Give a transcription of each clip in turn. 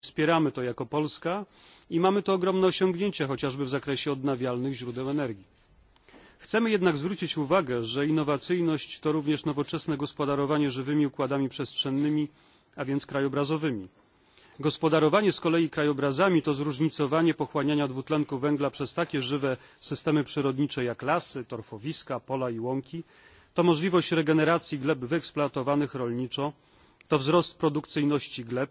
Wspieramy to jako Polska i mamy to ogromne osiągnięcie chociażby w zakresie odnawialnych źródeł energii. Chcemy jednak zwrócić uwagę, że innowacyjność to również nowoczesne gospodarowanie żywymi układami przestrzennymi, a więc krajobrazowymi. Gospodarowanie z kolei krajobrazami to zróżnicowanie pochłaniania dwutlenku węgla przez takie żywe systemy przyrodnicze jak lasy, torfowiska, pola i łąki. To możliwość regeneracji gleb wyeksploatowanych rolniczo, to wzrost produkcyjności gleb,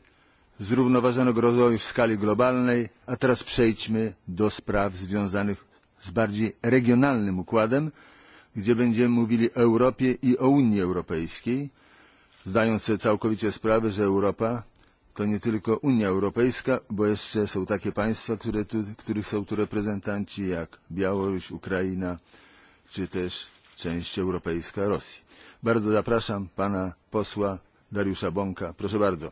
zrównoważonego rozwoju w skali globalnej a teraz przejdźmy do spraw związanych z bardziej regionalnym układem gdzie będziemy mówili o europie i o unii europejskiej zdając sobie całkowicie sprawę że europa to nie tylko unia europejska bo jeszcze są takie państwa które tu, których są tu reprezentanci jak białoruś ukraina czy też część europejska rosji. bardzo zapraszam pana posła dariusza bąka proszę bardzo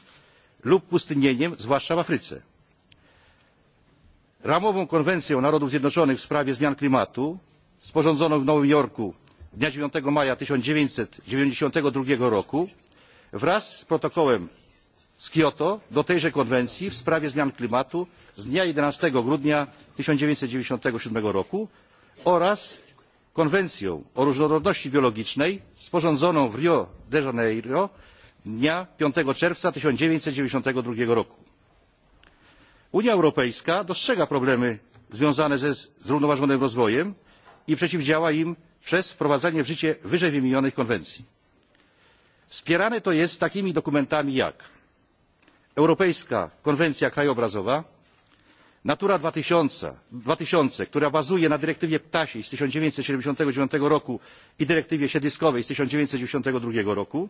lub pustynieniem, zwłaszcza w Afryce. Ramową konwencję Narodów Zjednoczonych w sprawie zmian klimatu, sporządzoną w Nowym Jorku dnia 9 maja 1992 roku, wraz z protokołem z Kioto do tejże konwencji w sprawie zmian klimatu z dnia 11 grudnia 1997 roku oraz konwencją o różnorodności biologicznej sporządzoną w Rio de Janeiro dnia pięć czerwca tysiąc dziewięćset dziewięćdzisiąt dwa roku. unia europejska dostrzega problemy związane ze zrównoważonym rozwojem i przeciwdziała im przez wprowadzenie w życie wyżej wymienionych konwencji. wspierane to jest takimi dokumentami jak europejska konwencja krajobrazowa natura dwa tysiące która bazuje na dyrektywie ptasiej z tysiąc dziewięćset siedemdziesiąt dziewięć roku i dyrektywie siedliskowej z tysiąc dziewięćset dziewięćdzisiąt dwa roku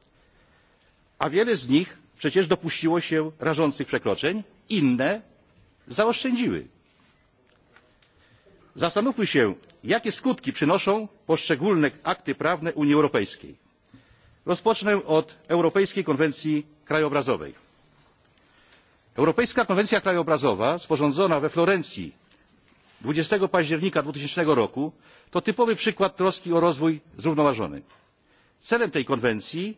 a wiele z nich przecież dopuściło się rażących przekroczeń inne zaoszczędziły. zastanówmy się jakie skutki przynoszą poszczególne akty prawne unii europejskiej. rozpocznę od europejskiej konwencji krajobrazowej. europejska konwencja krajobrazowa sporządzona we florencji dwadzieścia października dwa tysiące roku to typowy przykład troski o rozwój zrównoważony. celem tej konwencji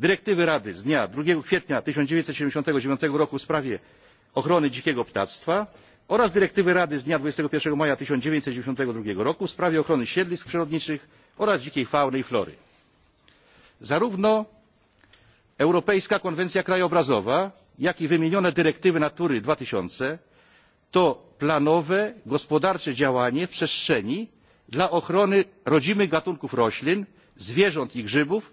dyrektywy rady z dnia dwa kwietnia tysiąc dziewięćset siedemdziesiąt dziewięć roku w sprawie ochrony dzikiego ptactwa oraz dyrektywy rady z dnia dwadzieścia jeden maja tysiąc dziewięćset dziewięćdzisiąt dwa roku w sprawie ochrony siedlisk przyrodniczych oraz dzikiej fauny i flory. zarówno europejska konwencja krajobrazowa jak i wymienione dyrektywy natury dwa tysiące to planowe gospodarcze działanie w przestrzeni dla ochrony rodzimych gatunków roślin zwierząt i grzybów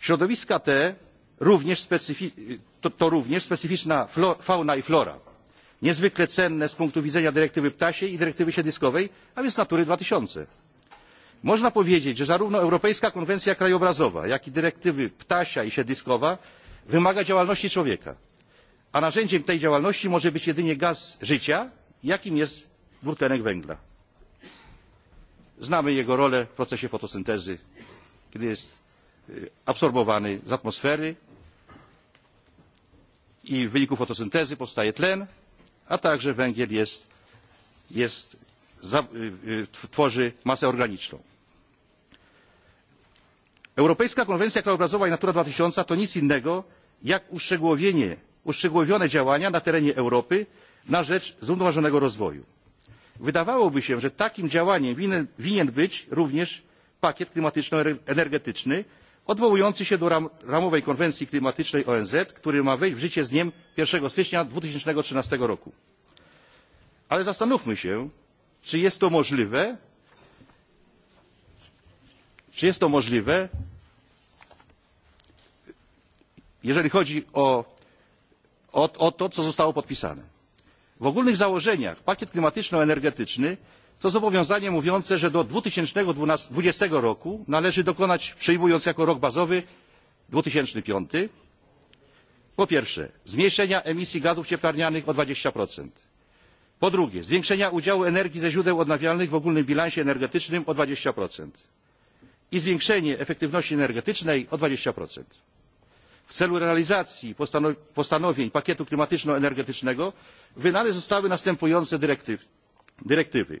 Środowiska te również to, to również specyficzna fauna i flora, niezwykle cenne z punktu widzenia dyrektywy ptasiej i dyrektywy siedliskowej, a więc Natury 2000. Można powiedzieć, że zarówno Europejska Konwencja Krajobrazowa, jak i dyrektywy ptasia i siedliskowa wymaga działalności człowieka, a narzędziem tej działalności może być jedynie gaz życia, jakim jest dwutlenek węgla. Znamy jego rolę w procesie fotosyntezy, kiedy jest E, absorbowany z atmosfery i w wyniku fotosyntezy powstaje tlen, a także węgiel jest, jest, za, tworzy masę organiczną. Europejska Konwencja Krajobrazowa i Natura 2000 to nic innego jak uszczegółowienie, uszczegółowione działania na terenie Europy na rzecz zrównoważonego rozwoju. Wydawałoby się, że takim działaniem winien, winien być również pakiet klimatyczno-energetyczny, odwołujący się do ram ramowej konwencji klimatycznej onz który ma wejść w życie z dniem jeden stycznia dwa tysiące trzynaście roku. ale zastanówmy się czy jest to możliwe czy jest to możliwe jeżeli chodzi o, o, o to co zostało podpisane. w ogólnych założeniach pakiet klimatyczno energetyczny to zobowiązanie mówiące że do dwa tysiące dwadzieścia roku należy dokonać przyjmując jako rok bazowy dwa tysiące pięć po pierwsze zmniejszenia emisji gazów cieplarnianych o dwadzieścia po drugie zwiększenia udziału energii ze źródeł odnawialnych w ogólnym bilansie energetycznym o dwadzieścia i zwiększenie efektywności energetycznej o. dwadzieścia w celu realizacji postanowień pakietu klimatyczno energetycznego wydane zostały następujące dyrektywy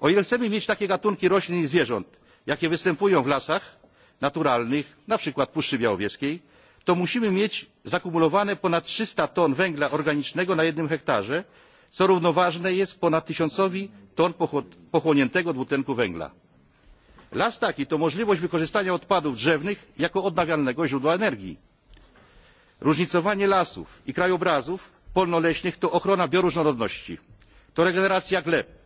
o ile chcemy mieć takie gatunki roślin i zwierząt jakie występują w lasach naturalnych na przykład puszczy białowieskiej to musimy mieć zakumulowane ponad trzysta ton węgla organicznego na jednym hektarze co równoważne jest ponad tysiącowi ton pochłoniętego dwutlenku węgla. las taki to możliwość wykorzystania odpadów drzewnych jako odnawialnego źródła energii. różnicowanie lasów i krajobrazów polno leśnych to ochrona bioróżnorodności to regeneracja gleb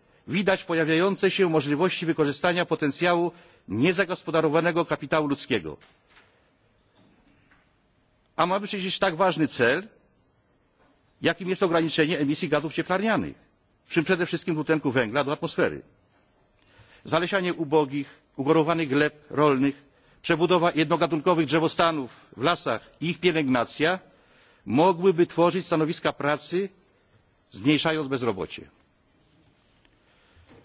widać pojawiające się możliwości wykorzystania potencjału niezagospodarowanego kapitału ludzkiego. a mamy przecież tak ważny cel jakim jest ograniczenie emisji gazów cieplarnianych w tym przede wszystkim dwutlenku węgla do atmosfery. zalesianie ubogich ugorowanych gleb rolnych przebudowa jednogatunkowych drzewostanów w lasach i ich pielęgnacja mogłyby tworzyć stanowiska pracy zmniejszając bezrobocie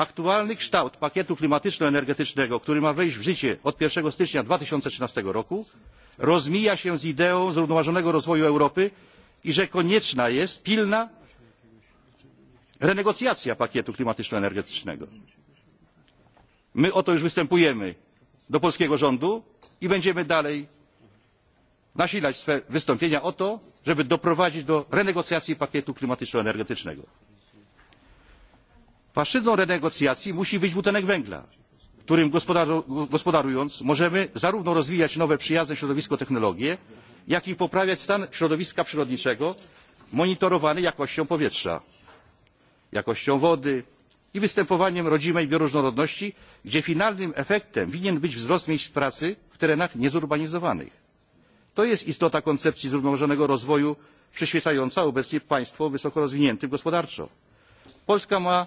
aktualny kształt pakietu klimatyczno energetycznego który ma wejść w życie od jeden stycznia dwa tysiące trzynaście roku rozmija się z ideą zrównoważonego rozwoju europy i że konieczna jest pilna renegocjacja pakietu klimatyczno energetycznego. my o to już występujemy do polskiego rządu i będziemy dalej nasilać swe wystąpienia o to żeby doprowadzić do renegocjacji pakietu klimatyczno energetycznego. Płaszczyzną renegocjacji musi być dwutlenek węgla, którym gospodaru, gospodarując możemy zarówno rozwijać nowe przyjazne środowisko technologie, jak i poprawiać stan środowiska przyrodniczego monitorowany jakością powietrza, jakością wody i występowaniem rodzimej bioróżnorodności, gdzie finalnym efektem winien być wzrost miejsc pracy w terenach niezurbanizowanych. To jest istota koncepcji zrównoważonego rozwoju przyświecająca obecnie państwom wysoko rozwiniętym gospodarczo. Polska ma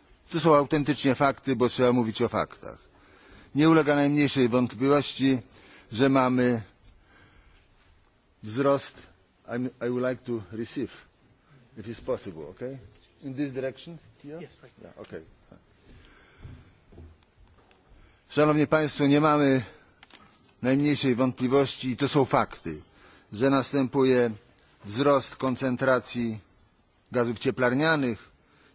To są autentycznie fakty, bo trzeba mówić o faktach. Nie ulega najmniejszej wątpliwości, że mamy wzrost. I'm, I would like to receive, if it's possible, okay? In this direction? Here? Yes, right. Yeah, okay. Szanowni Państwo, nie mamy najmniejszej wątpliwości i to są fakty, że następuje wzrost koncentracji gazów cieplarnianych,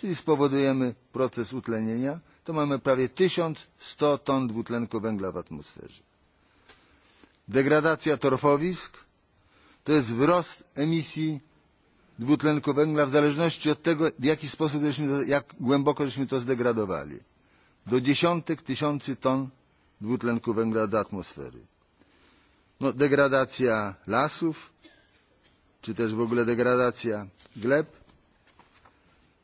czyli spowodujemy proces utlenienia, to mamy prawie 1100 ton dwutlenku węgla w atmosferze. Degradacja torfowisk to jest wzrost emisji dwutlenku węgla w zależności od tego, w jaki sposób, żeśmy to, jak głęboko żeśmy to zdegradowali. Do dziesiątek tysięcy ton dwutlenku węgla do atmosfery. No, degradacja lasów, czy też w ogóle degradacja gleb,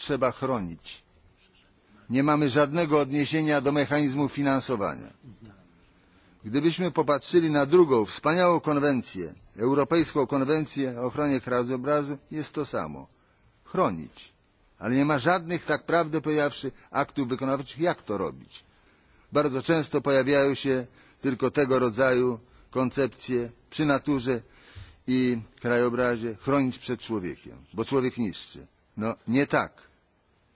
trzeba chronić. Nie mamy żadnego odniesienia do mechanizmu finansowania. Gdybyśmy popatrzyli na drugą wspaniałą konwencję, Europejską Konwencję o ochronie krajobrazu, jest to samo. Chronić. Ale nie ma żadnych, tak prawdę powiedziawszy, aktów wykonawczych, jak to robić. Bardzo często pojawiają się tylko tego rodzaju koncepcje przy naturze i krajobrazie chronić przed człowiekiem, bo człowiek niszczy. No nie tak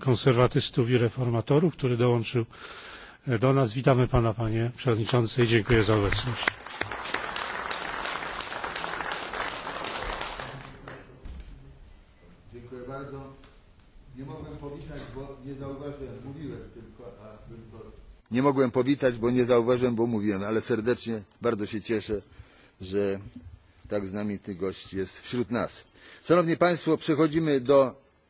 konserwatystów i reformatorów, który dołączył e, do nas. Witamy Pana, Panie Przewodniczący i dziękuję za obecność. Dziękuję bardzo. Nie mogłem powitać, bo nie zauważyłem, mówiłem tylko, a bym to... Nie mogłem powitać, bo nie zauważyłem, bo mówiłem, ale serdecznie bardzo się cieszę, że tak znamity gość jest wśród nas. Szanowni Państwo, przechodzimy do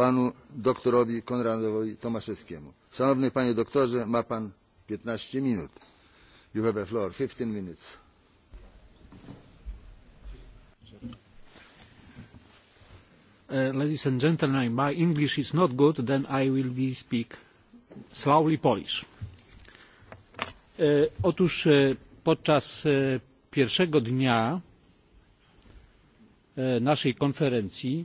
panu doktorowi Konradowi Tomaszewskiemu. Szanowny panie doktorze, ma pan 15 minut. You have a floor, 15 minutes. Uh, ladies and gentlemen, my English is not good, then I will be speak slowly Polish. Uh, otóż uh, podczas e, pierwszego dnia e, naszej konferencji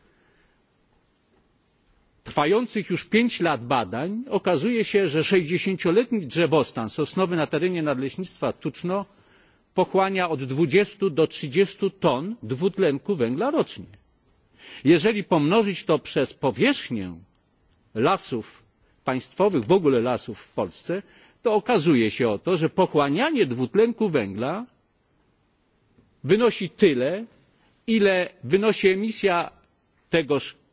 trwających już pięć lat badań okazuje się że sześćdziesięcioletni drzewostan sosnowy na terenie nadleśnictwa tuczno pochłania od dwadzieścia do trzydzieści ton dwutlenku węgla rocznie. jeżeli pomnożyć to przez powierzchnię lasów państwowych w ogóle lasów w polsce to okazuje się oto że pochłanianie dwutlenku węgla wynosi tyle ile wynosi emisja tegoż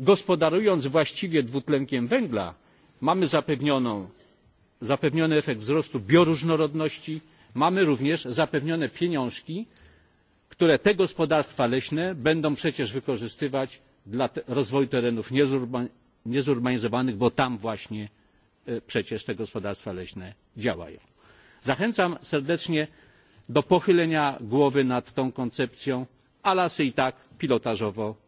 gospodarując właściwie dwutlenkiem węgla mamy zapewniony efekt wzrostu bioróżnorodności mamy również zapewnione pieniążki które te gospodarstwa leśne będą przecież wykorzystywać dla rozwoju terenów niezurbanizowanych bo tam właśnie e, przecież te gospodarstwa leśne działają. zachęcam serdecznie do pochylenia głowy nad tą koncepcją a lasy i tak pilotażowo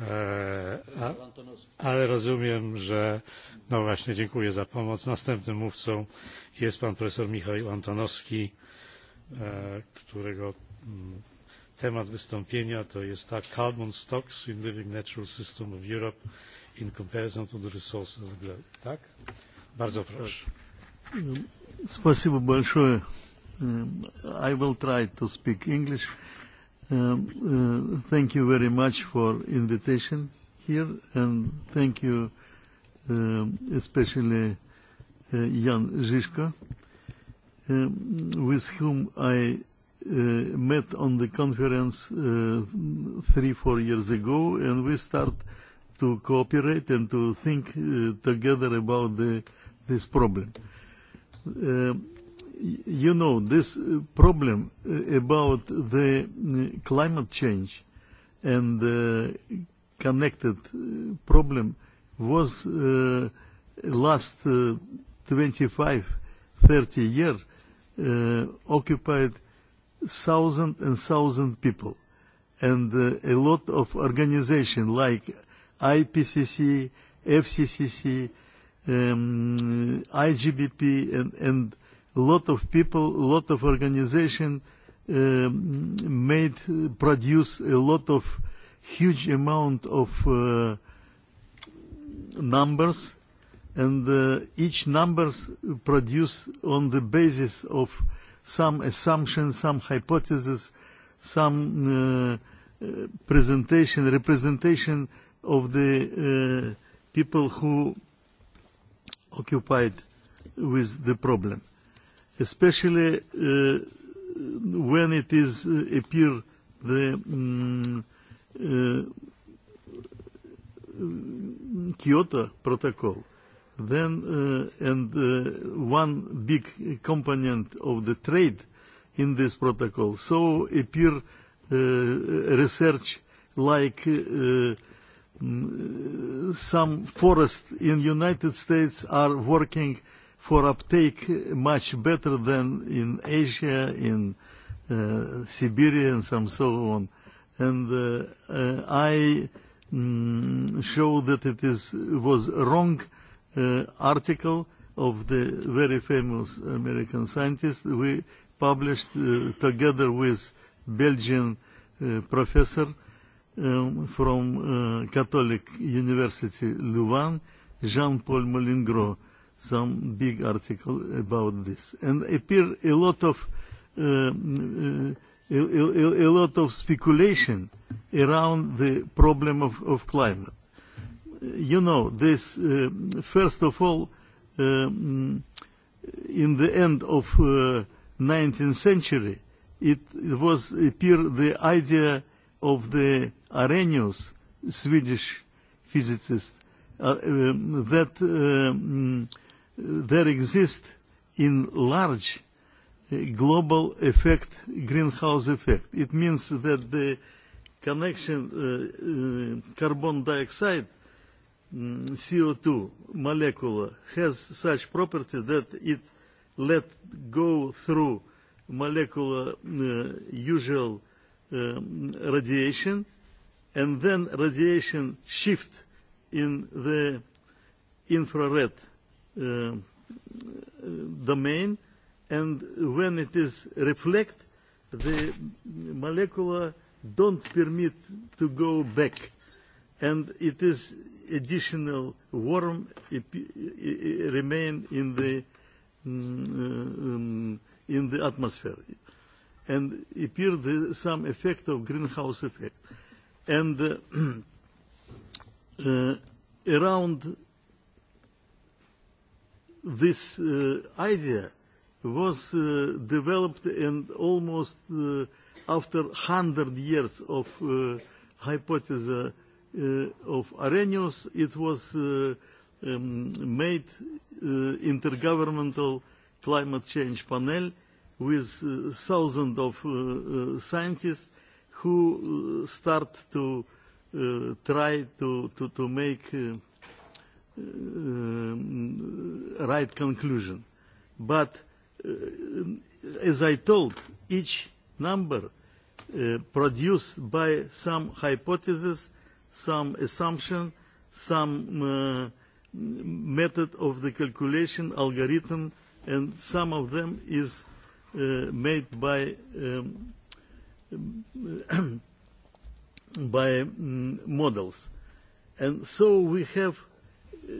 E, a, ale rozumiem, że no właśnie dziękuję za pomoc. Następnym mówcą jest pan profesor Michał Antonowski, e, którego mm, temat wystąpienia to jest tak carbon stocks in living natural system of Europe in comparison to the resources of the globe. Tak? Bardzo proszę. Спасибо большое. I will try to speak English. Uh, Um, uh, thank you very much for invitation here, and thank you um, especially uh, Jan Žižka, um, with whom I uh, met on the conference uh, three, four years ago, and we start to cooperate and to think uh, together about the, this problem. Uh, you know, this uh, problem uh, about the uh, climate change and the connected problem was uh, last uh, 25, 30 years uh, occupied thousand and thousand people. And uh, a lot of organizations like IPCC, FCCC, um, IGBP, and, and a lot of people, a lot of organizations uh, um, made, produce a lot of huge amount of uh, numbers and uh, each numbers produced on the basis of some assumptions, some hypotheses, some uh, uh, presentation, representation of the uh, people who occupied with the problem especially uh, when it is uh, appear the um, uh, Kyoto Protocol, then uh, and uh, one big component of the trade in this protocol. So appear uh, research like uh, mm, some forests in United States are working uh, for uptake much better than in Asia, in uh, Siberia, and some so on. And uh, uh, I mm, show that it is was wrong uh, article of the very famous American scientist we published uh, together with Belgian uh, professor um, from uh, Catholic University Louvain, Jean-Paul Molingro. Mm-hmm some big article about this. And appear a lot of uh, uh, a, a, a lot of speculation around the problem of, of climate. You know, this uh, first of all, um, in the end of uh, 19th century, it, it was appear the idea of the Arrhenius, Swedish physicist, uh, um, that. Um, uh, there exists in large uh, global effect, greenhouse effect. It means that the connection uh, uh, carbon dioxide, um, mm, CO2 molecule has such property that it let go through molecular uh, usual um, radiation and then radiation shift in the infrared uh, uh, domain, and when it is reflect, the molecule don't permit to go back, and it is additional worm it, it remain in the mm, uh, um, in the atmosphere, and appear the, some effect of greenhouse effect, and uh, uh, around this uh, idea was uh, developed and almost uh, after 100 years of uh, hypothesis uh, of Arrhenius, it was uh, um, made uh, intergovernmental climate change panel with uh, thousands of uh, uh, scientists who uh, start to uh, try to, to, to make uh, uh, right conclusion. But uh, as I told, each number uh, produced by some hypothesis, some assumption, some uh, method of the calculation algorithm, and some of them is uh, made by um, by um, models. And so we have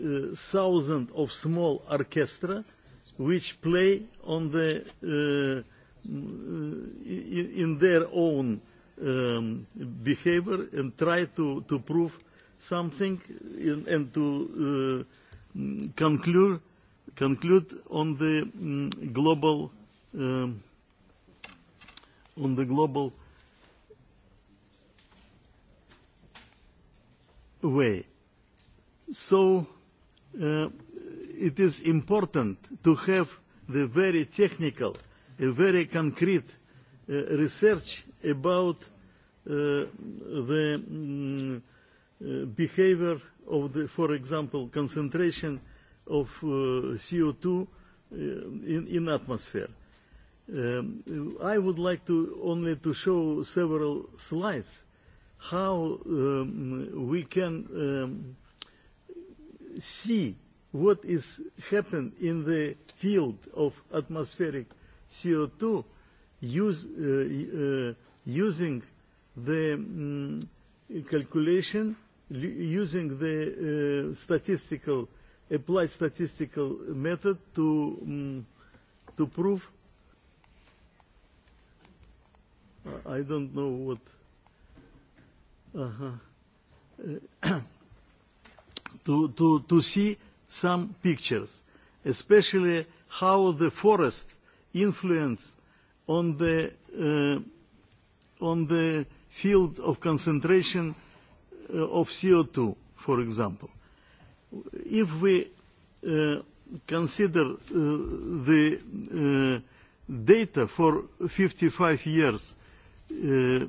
uh, thousands of small orchestra which play on the uh, mm, uh, in, in their own um, behavior and try to, to prove something in, and to uh, conclude conclude on the um, global um, on the global way. So uh, it is important to have the very technical, a very concrete uh, research about uh, the um, uh, behavior of the, for example, concentration of uh, CO2 uh, in, in atmosphere. Um, I would like to only to show several slides how um, we can um, see what is happened in the field of atmospheric CO2 use, uh, uh, using the um, calculation, using the uh, statistical, applied statistical method to, um, to prove I don't know what. Uh-huh. Uh, to, to, to see some pictures, especially how the forest influence on the, uh, on the field of concentration uh, of CO2, for example. If we uh, consider uh, the uh, data for 55 years uh,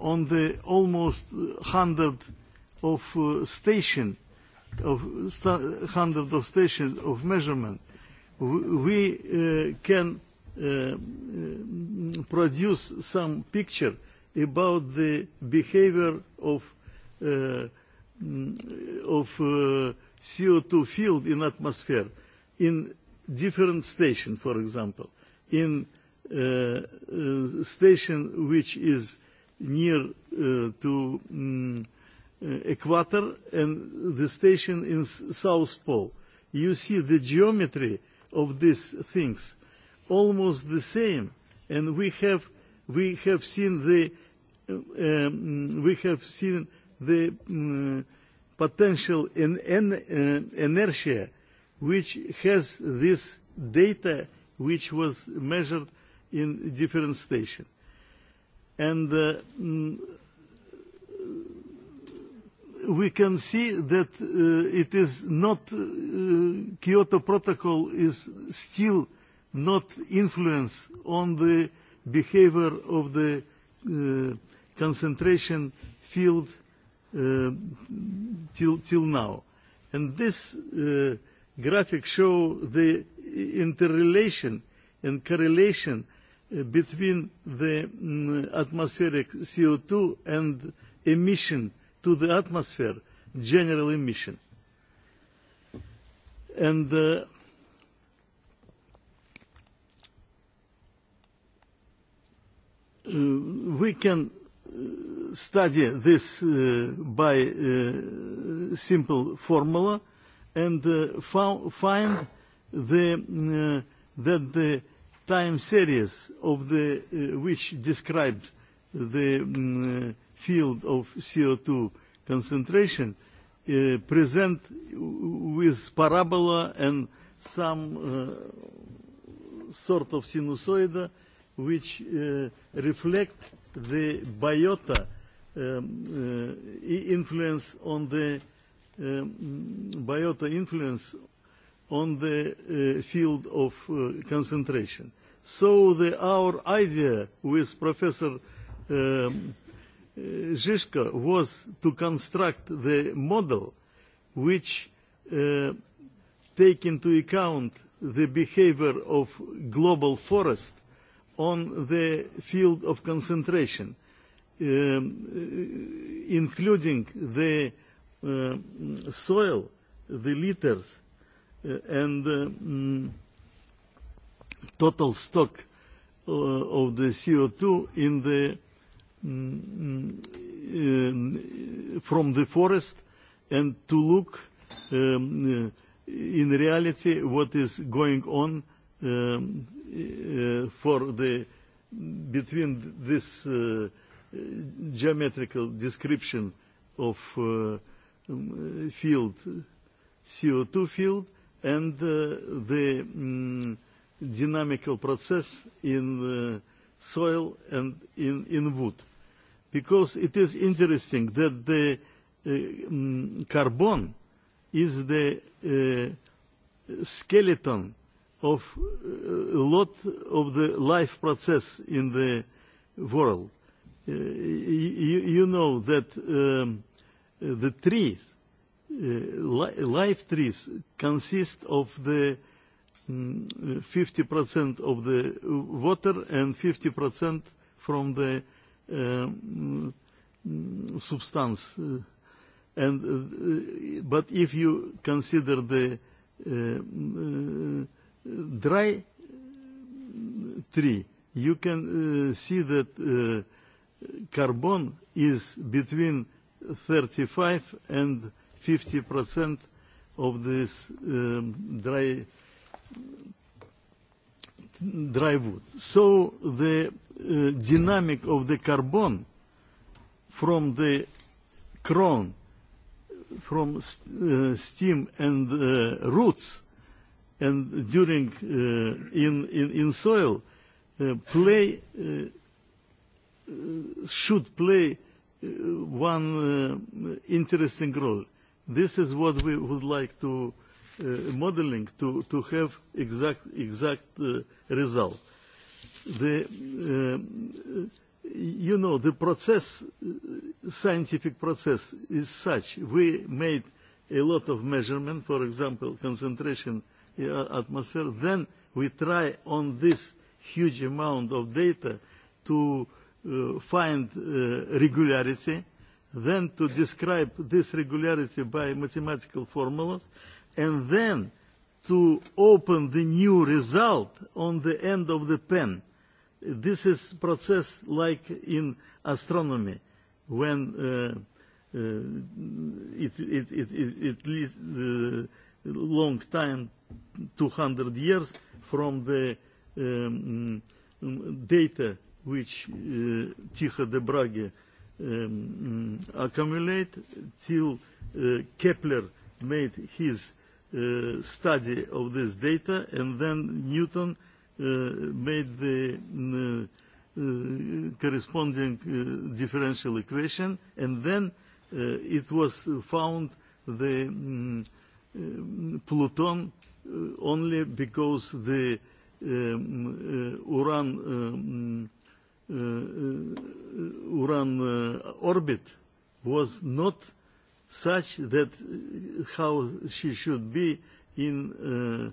on the almost 100 of uh, station of standard of station of measurement, we uh, can uh, mm, produce some picture about the behavior of uh, mm, of uh, CO2 field in atmosphere in different station, for example, in uh, uh, station which is near uh, to um, equator э, and the station in South Pole. You see the geometry of these things almost the same, and we have we have seen the uh, um, we have seen the um, potential in, in uh, inertia, which has this data which was measured in different station, and. Uh, mm, we can see that uh, it is not uh, Kyoto Protocol is still not influence on the behavior of the uh, concentration field uh, till till now, and this uh, graphic show the interrelation and correlation uh, between the um, atmospheric CO2 and emission uh, to the atmosphere general emission. And uh, uh, we can uh, study this uh, by uh, simple formula and uh, found, find the, uh, that the time series of the, uh, which described the mm, uh, field of CO2 concentration uh, present with parabola and some uh, sort of sinusoid which uh, reflect the biota um, uh, influence on the um, biota influence on the uh, field of uh, concentration. So the, our idea with Professor um, Zizka was to construct the model which uh, take into account the behavior of global forest on the field of concentration, um, uh, including the uh, soil, the litters, uh, and uh, mm, total stock uh, of the CO2 in the um, from the forest and to look um, uh, in reality what is going on um, uh, for the between this uh, geometrical description of uh, um, field CO2 field and uh, the um, dynamical process in uh, soil and in, in wood. Uh, because it is interesting that the uh, um, carbon is the uh, skeleton of uh, a lot of the life process in the world. Uh, you, you know that um, the trees, uh, li live trees, consist of the um, mm, 50% of the water and 50% from the uh, um, substance. Uh, and, uh, but if you consider the uh, uh, dry tree, you can uh, see that uh, carbon is between 35 and 50 percent of this um, dry dry wood. So the uh, dynamic of the carbon from the crown, from st uh, э, stem and uh, roots, and during uh, in, in in soil, uh, play uh, should play uh, one uh, interesting role. This is what we would like to uh, modeling to to have exact exact uh, result. Uh, the, uh, you know, the process, scientific process is such. We made a lot of measurement, for example, concentration in atmosphere. Then we try on this huge amount of data to uh, find uh, regularity, then to describe this regularity by mathematical formulas, and then to open the new result on the end of the pen this is process like in astronomy when uh, uh, it, it, it, it, it leads uh, long time 200 years from the um, data which uh, Tycho de Brage um, accumulate till uh, Kepler made his uh, study of this data and then Newton uh, E, made the uh, corresponding uh, differential equation, and then uh, it was found the um, uh, Pluton uh, only because the um, uh, Uran um, uh, Uran uh, orbit was not such that how she should be in uh,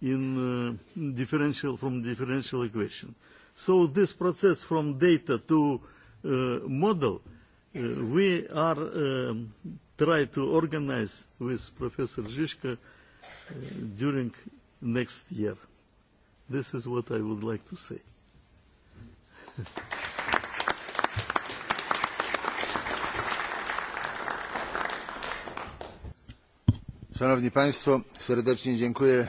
in uh, differential from differential equation. So this process from data to uh, model, uh, we are um, try to organize with Professor Zizka uh, during next year. This is what I would like to say. Szanowni Państwo, serdecznie dziękuję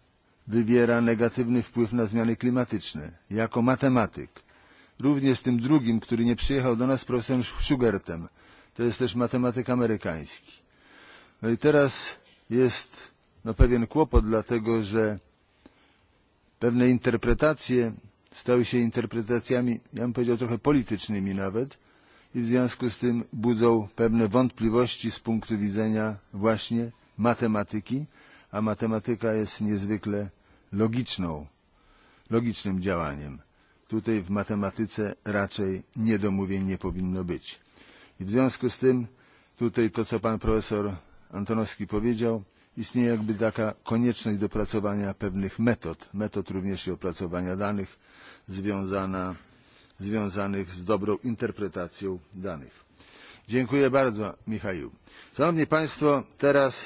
wywiera negatywny wpływ na zmiany klimatyczne. Jako matematyk, również z tym drugim, który nie przyjechał do nas, profesorem Schugertem, to jest też matematyk amerykański. No i teraz jest no, pewien kłopot, dlatego że pewne interpretacje stały się interpretacjami, ja bym powiedział, trochę politycznymi nawet i w związku z tym budzą pewne wątpliwości z punktu widzenia właśnie matematyki, a matematyka jest niezwykle logiczną, logicznym działaniem. Tutaj w matematyce raczej niedomówień nie powinno być. I w związku z tym tutaj to, co pan profesor Antonowski powiedział, istnieje jakby taka konieczność dopracowania pewnych metod, metod również i opracowania danych związana, związanych z dobrą interpretacją danych. Dziękuję bardzo, Michał. Szanowni Państwo, teraz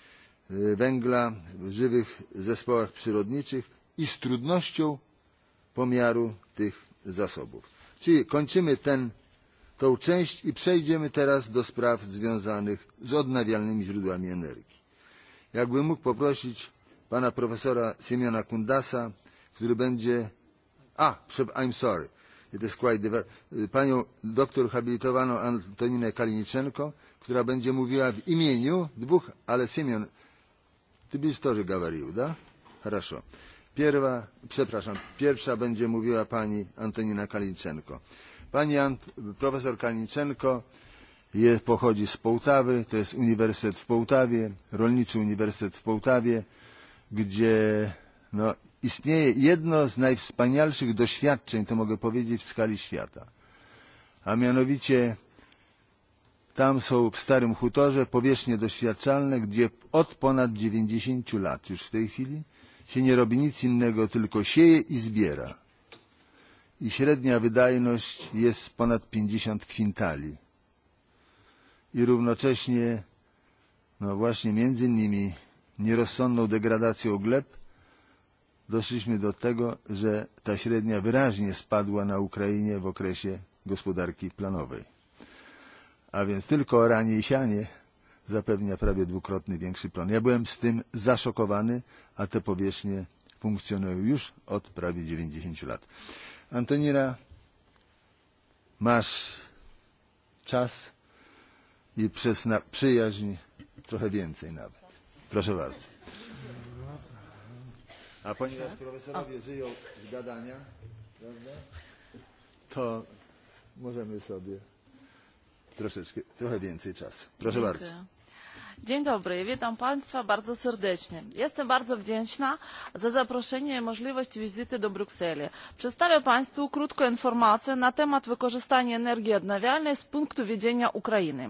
węgla w żywych zespołach przyrodniczych i z trudnością pomiaru tych zasobów. Czyli kończymy ten, tą część i przejdziemy teraz do spraw związanych z odnawialnymi źródłami energii. Jakbym mógł poprosić pana profesora Siemiona Kundasa, który będzie... A, I'm sorry. It is quite different. Panią doktor habilitowaną Antoninę Kaliniczenko, która będzie mówiła w imieniu dwóch, ale Siemion Ty byś też gawarił, da? Хорошо. Pierwa, przepraszam, pierwsza będzie mówiła pani Antonina Kalinczenko. Pani Ant, profesor Kalinczenko je, pochodzi z Połtawy, to jest Uniwersytet w Połtawie, Rolniczy Uniwersytet w Połtawie, gdzie no, istnieje jedno z najwspanialszych doświadczeń, to mogę powiedzieć, w skali świata. A mianowicie Tam są w Starym Hutorze powierzchnie doświadczalne, gdzie od ponad 90 lat już w tej chwili się nie robi nic innego, tylko sieje i zbiera. I średnia wydajność jest ponad 50 kwintali. I równocześnie, no właśnie między innymi nierozsądną degradacją gleb, doszliśmy do tego, że ta średnia wyraźnie spadła na Ukrainie w okresie gospodarki planowej a więc tylko oranie i sianie zapewnia prawie dwukrotnie większy plon. Ja byłem z tym zaszokowany, a te powierzchnie funkcjonują już od prawie 90 lat. Antonina, masz czas i przez na przyjaźń trochę więcej nawet. Proszę bardzo. A ponieważ profesorowie żyją z gadania, prawda, to możemy sobie troszeczkę, trochę więcej czasu. Proszę Dziękuję. bardzo. Dzień dobry, witam Państwa bardzo serdecznie. Jestem bardzo wdzięczna za zaproszenie i możliwość wizyty do Brukseli. Przedstawię Państwu krótką informację na temat wykorzystania energii odnawialnej z punktu widzenia Ukrainy.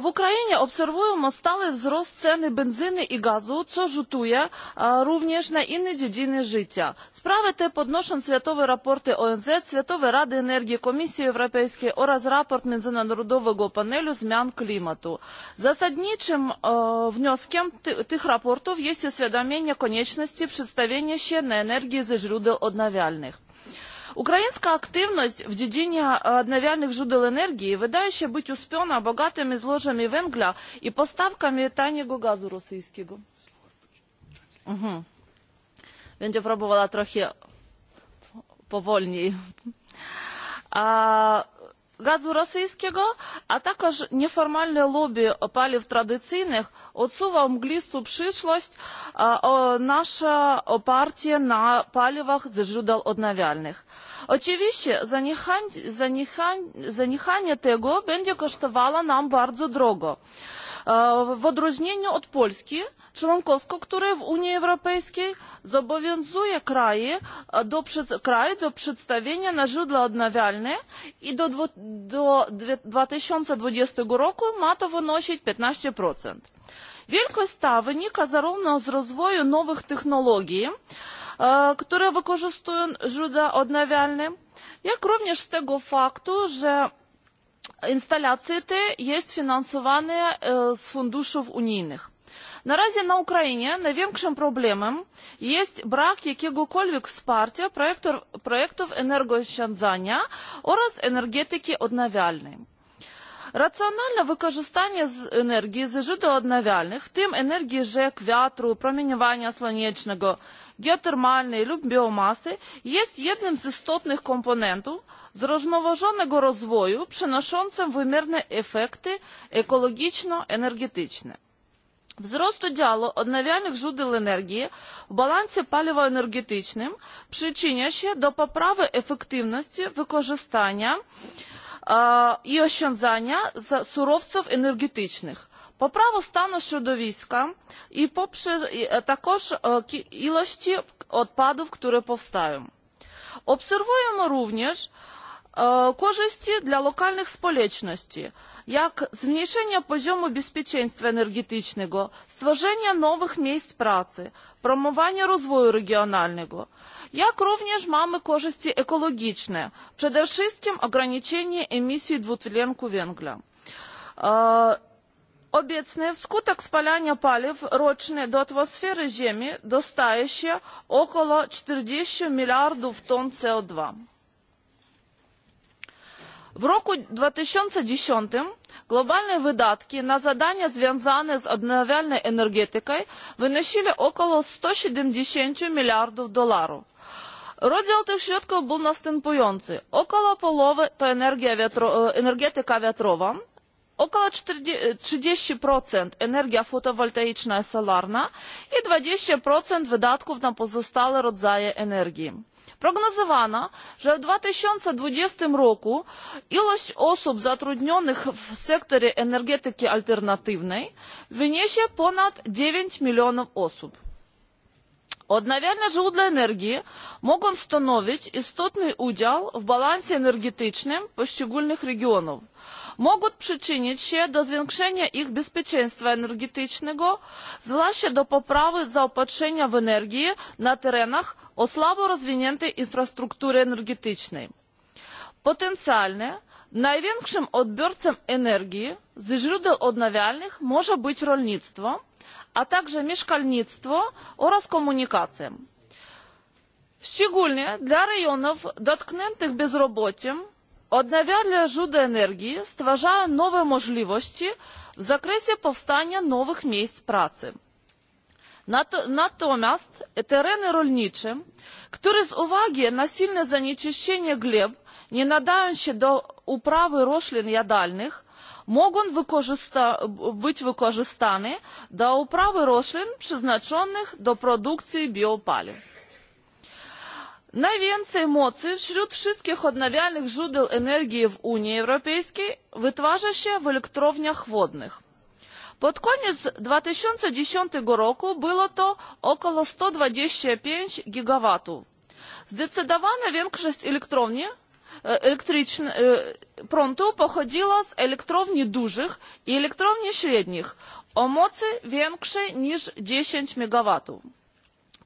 W Ukrainie obserwujemy stały wzrost ceny benzyny i gazu, co rzutuje również na inne dziedziny życia. Sprawę tę podnoszą światowe raporty ONZ, Światowej Rady Energii, Komisji Europejskiej oraz raport Międzynarodowego Panelu Zmian Klimatu. Zasadniczym wnioskiem tych raportów jest uświadomienie konieczności przedstawienia się na energię ze źródeł odnawialnych. Украинская активность в dziedzinie odnawialnych źródeł energii wydaje się być uspiona bogatymi złożami węgla i postawkami taniego gazu rosyjskiego. Mhm. Będzie próbowała trochę powolniej. A gazu rosyjskiego a także nieformalne lobby paliw tradycyjnych odsuwa w mglistą przyszłość nasze oparcie na paliwach ze źródeł odnawialnych. oczywiście zaniechanie tego będzie kosztowało nas bardzo drogo. w odróżnieniu od polski członkowską które w unii europejskiej zobowiązuje kraje e, do, kraj do przedstawienia na źródła odnawialne i do dwa tysiące dwadzieścia roku ma to wynosić piętnaście wielkość ta wynika zarówno z rozwoju nowych technologii e, które wykorzystują źródła odnawialne jak również z tego faktu że instalacje te są finansowane e, z funduszy unijnych. Na razie na Ukrainie największym problemem jest brak jakiegokolwiek wsparcia projektor, projektów energooszczędzania oraz energetyki odnawialnej. Racjonalne wykorzystanie z energii z źródeł odnawialnych, w tym energii rzek, wiatru, promieniowania słonecznego, geotermalnej lub biomasy, jest jednym z istotnych komponentów zrównoważonego rozwoju przynoszącym wymierne efekty ekologiczno-energetyczne Wzrost udziału odnawialnych źródeł energii w balansie paliwowo-energetycznym przyczynia się do poprawy efektywności wykorzystania e, i oszczędzania surowców energetycznych, poprawy stanu środowiska i poprzez, e, także ilości odpadów, które powstają. Obserwujemy również korzyści dla lokalnych społeczności jak zmniejszenie poziomu bezpieczeństwa energetycznego stworzenie nowych miejsc pracy promowanie rozwoju regionalnego jak również mamy korzyści ekologiczne przede wszystkim ograniczenie emisji dwutlenku węgla. obecnie wskutek spalania paliw rocznie do atmosfery ziemi dostaje się około czterdzieści miliardów ton co w roku dwa tysiące dziesięć globalne wydatki na zadania związane z odnawialną energetyką wynosiły około sto siedemdziesiąt miliardów dolarów. Rozdział tych środków był następujący. Około połowy to energia wiatro, energetyka wiatrowa, około 30% energia fotowoltaiczna i solarna i 20% wydatków na pozostałe rodzaje energii prognozowano że w dwa tysiące dwadzieścia roku ilość osób zatrudnionych w sektorze energetyki alternatywnej wyniesie ponad dziewięć milionów osób. odnawialne źródła energii mogą stanowić istotny udział w balansie energetycznym poszczególnych regionów mogą przyczynić się do zwiększenia ich bezpieczeństwa energetycznego zwłaszcza do poprawy zaopatrzenia w energię na terenach o słabo rozwiniętej infrastruktury energetycznej. potencjalnie największym odbiorcą energii ze źródeł odnawialnych może być rolnictwo a także mieszkalnictwo oraz komunikacja. szczególnie dla rejonów dotkniętych bezrobociem odnawialne źródła energii stwarzają nowe możliwości w zakresie powstania nowych miejsc pracy. Natomiast tereny rolnicze, które z uwagi na silne zanieczyszczenie gleb nie nadają się do uprawy roślin jadalnych, mogą wykorzysta być wykorzystane do uprawy roślin przeznaczonych do produkcji biopaliw. Najwięcej mocy wśród wszystkich odnawialnych źródeł energii w Unii Europejskiej wytwarza się w elektrowniach wodnych Pod koniec 2010 roku było to około 125 gigawatów. Zdecydowana większość elektrowni prądu pochodziła z elektrowni dużych i elektrowni średnich o mocy większej niż 10 megawatów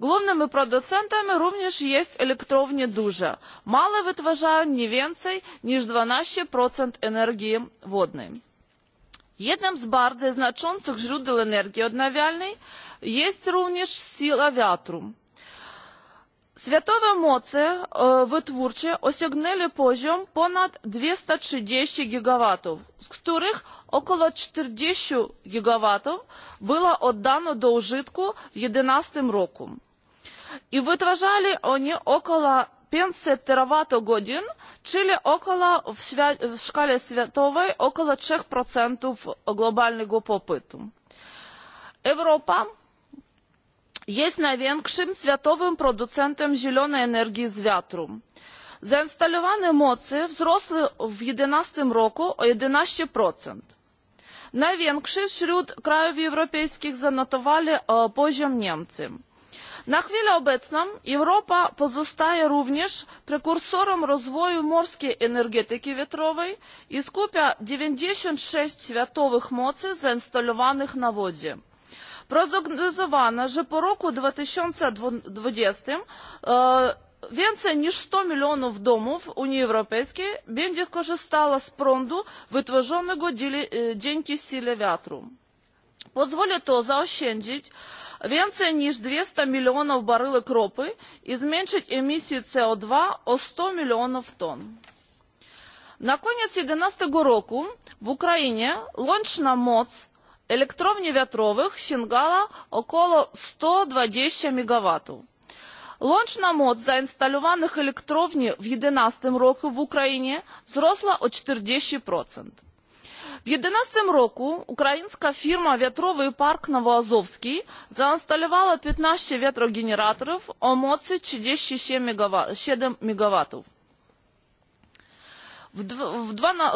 Głównymi producentami również jest elektrownie duże. Małe wytwarzają nie więcej niż 12% energii wodnej. Jednym z bardziej znaczących źródeł energii odnawialnej jest również siła wiatru. Światowe moce wytwórcze osiągnęły poziom ponad 230 GW, z których około 40 gigawatów było oddano do użytku w 2011 roku i wytwarzali oni około 500 terawatogodzin, czyli około w, w skali światowej około 3% globalnego popytu. Europa jest największym światowym producentem zielonej energii z wiatru. Заінсталювані емоції взросли в 2011 року о 11%. Największy wśród krajów europejskich zanotowali poziom Niemcy. Na chwilę obecną Europa pozostaje również prekursorem rozwoju morskiej energetyki wiatrowej i skupia 96 światowych mocy zainstalowanych na wodzie. Prognozowano, że po roku 2020 więcej niż sto milionów domów unii europejskiej będzie korzystało z prądu wytworzonego dzięki sile wiatru. pozwoli to zaoszczędzić więcej niż dwieście milionów baryłek ropy i zmniejszyć emisję co dwa o sto milionów ton. na koniec dwa tysiące jedenaście roku w ukrainie łączna moc elektrowni wiatrowych sięgała około sto dwadzieścia megawatów Łączna moc zainstalowanych elektrowni w 2011 roku w Ukrainie wzrosła o 40%. W 2011 roku ukraińska firma Wiatrowy Park Nowoazowski zainstalowała 15 wiatrogeneratorów o mocy 37 MW.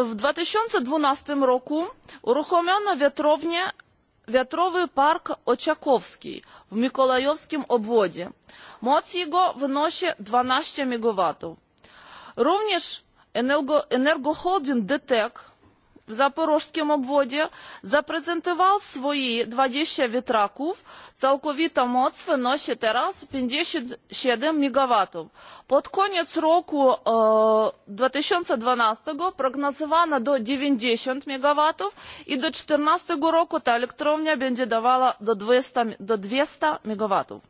W 2012 roku uruchomiono wiatrownię wiatrowy park ociakowski w mikołajowskim obwodzie. moc jego wynosi dwanaście mw. również energoholding dtec w zaporożskim obwodzie zaprezentował swoje dwadzieścia wiatraków całkowita moc wynosi teraz pięćdziesiąt siedem megawatów. pod koniec roku dwa tysiące dwanaście prognozowano do dziewięćdzisiąt megawatów i do dwa tysiące czternaście roku ta elektrownia będzie dawała do dwieście megawatów.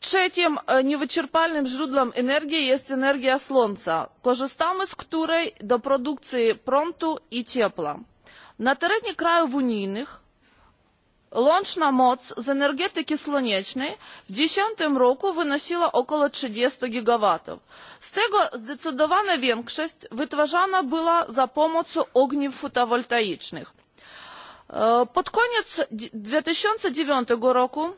Trzecim e, niewyczerpalnym źródłem energii jest energia słońca. Korzystamy z której do produkcji prądu i ciepła. Na terenie krajów unijnych łączna moc z energetyki słonecznej w 2010 roku wynosiła około 30 gigawatów. Z tego zdecydowana większość wytwarzana była za pomocą ogniw fotowoltaicznych. E, pod koniec 2009 roku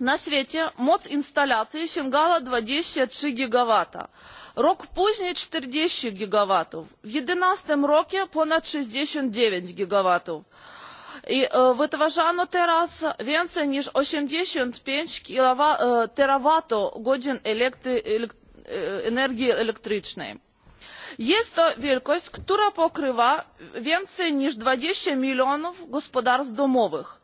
na świecie moc instalacji sięgała dwadzieścia trzy gigawata rok później czterdzieści gigawatów w jedenastym roku ponad sześćdziesiąt dziewięć gigawatów i wytwarzano teraz więcej niż osiemdziesiąt pięć terawatogodzin energii elektrycznej. jest to wielkość która pokrywa więcej niż dwadzieścia milionów gospodarstw domowych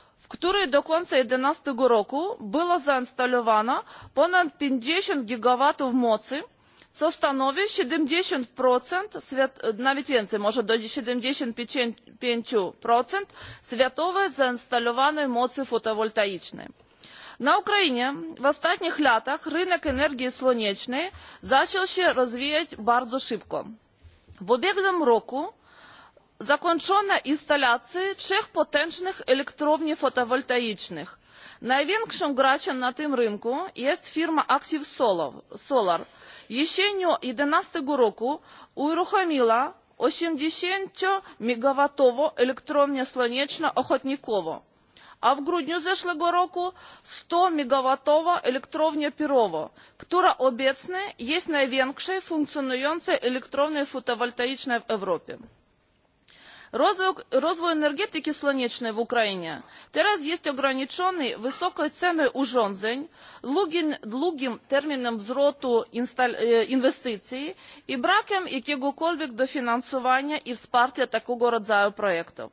której do końca 2011 roku było zainstalowane ponad 50 gigawatów mocy, co stanowi 70%, świat, nawet więcej, może do 75% światowej zainstalowanej mocy fotowoltaicznej. Na Ukrainie w ostatnich latach rynek energii słonecznej zaczął się rozwijać bardzo szybko. W ubiegłym roku zakończono instalację trzech potężnych elektrowni fotowoltaicznych. największym graczem na tym rynku jest firma active solar. jesienią dwa tysiące jedenaście roku uruchomiła osiemdziesiąt megawatową elektrownię słoneczno ochotnikowo a w grudniu zeszłego roku sto megawatową elektrownię pirowo która obecnie jest największą funkcjonującą elektrownią fotowoltaiczną w europie. Розвой, розвой энергетики сланечной в Украине teraz jest ograniczony wysoką ceną urządzeń, długim, długim terminem wzrostu inwestycji i brakiem jakiegokolwiek dofinansowania i wsparcia takiego rodzaju projektów.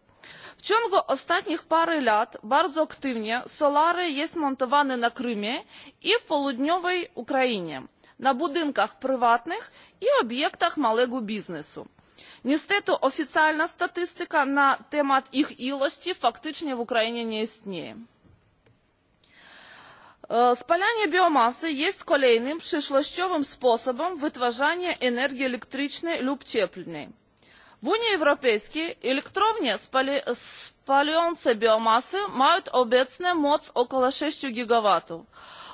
W ciągu ostatnich pary lat bardzo aktywnie solary jest montowane na Krymie i w południowej Ukrainie, na budynkach prywatnych i obiektach małego biznesu Niestety oficjalna statystyka na temat ich ilości faktycznie w Ukrainie nie istnieje. Spalanie biomasy jest kolejnym przyszłościowym sposobem wytwarzania energii elektrycznej lub cieplnej. W Unii Europejskiej elektrownie spali spalające biomasy mają obecnie moc około 6 gigawatów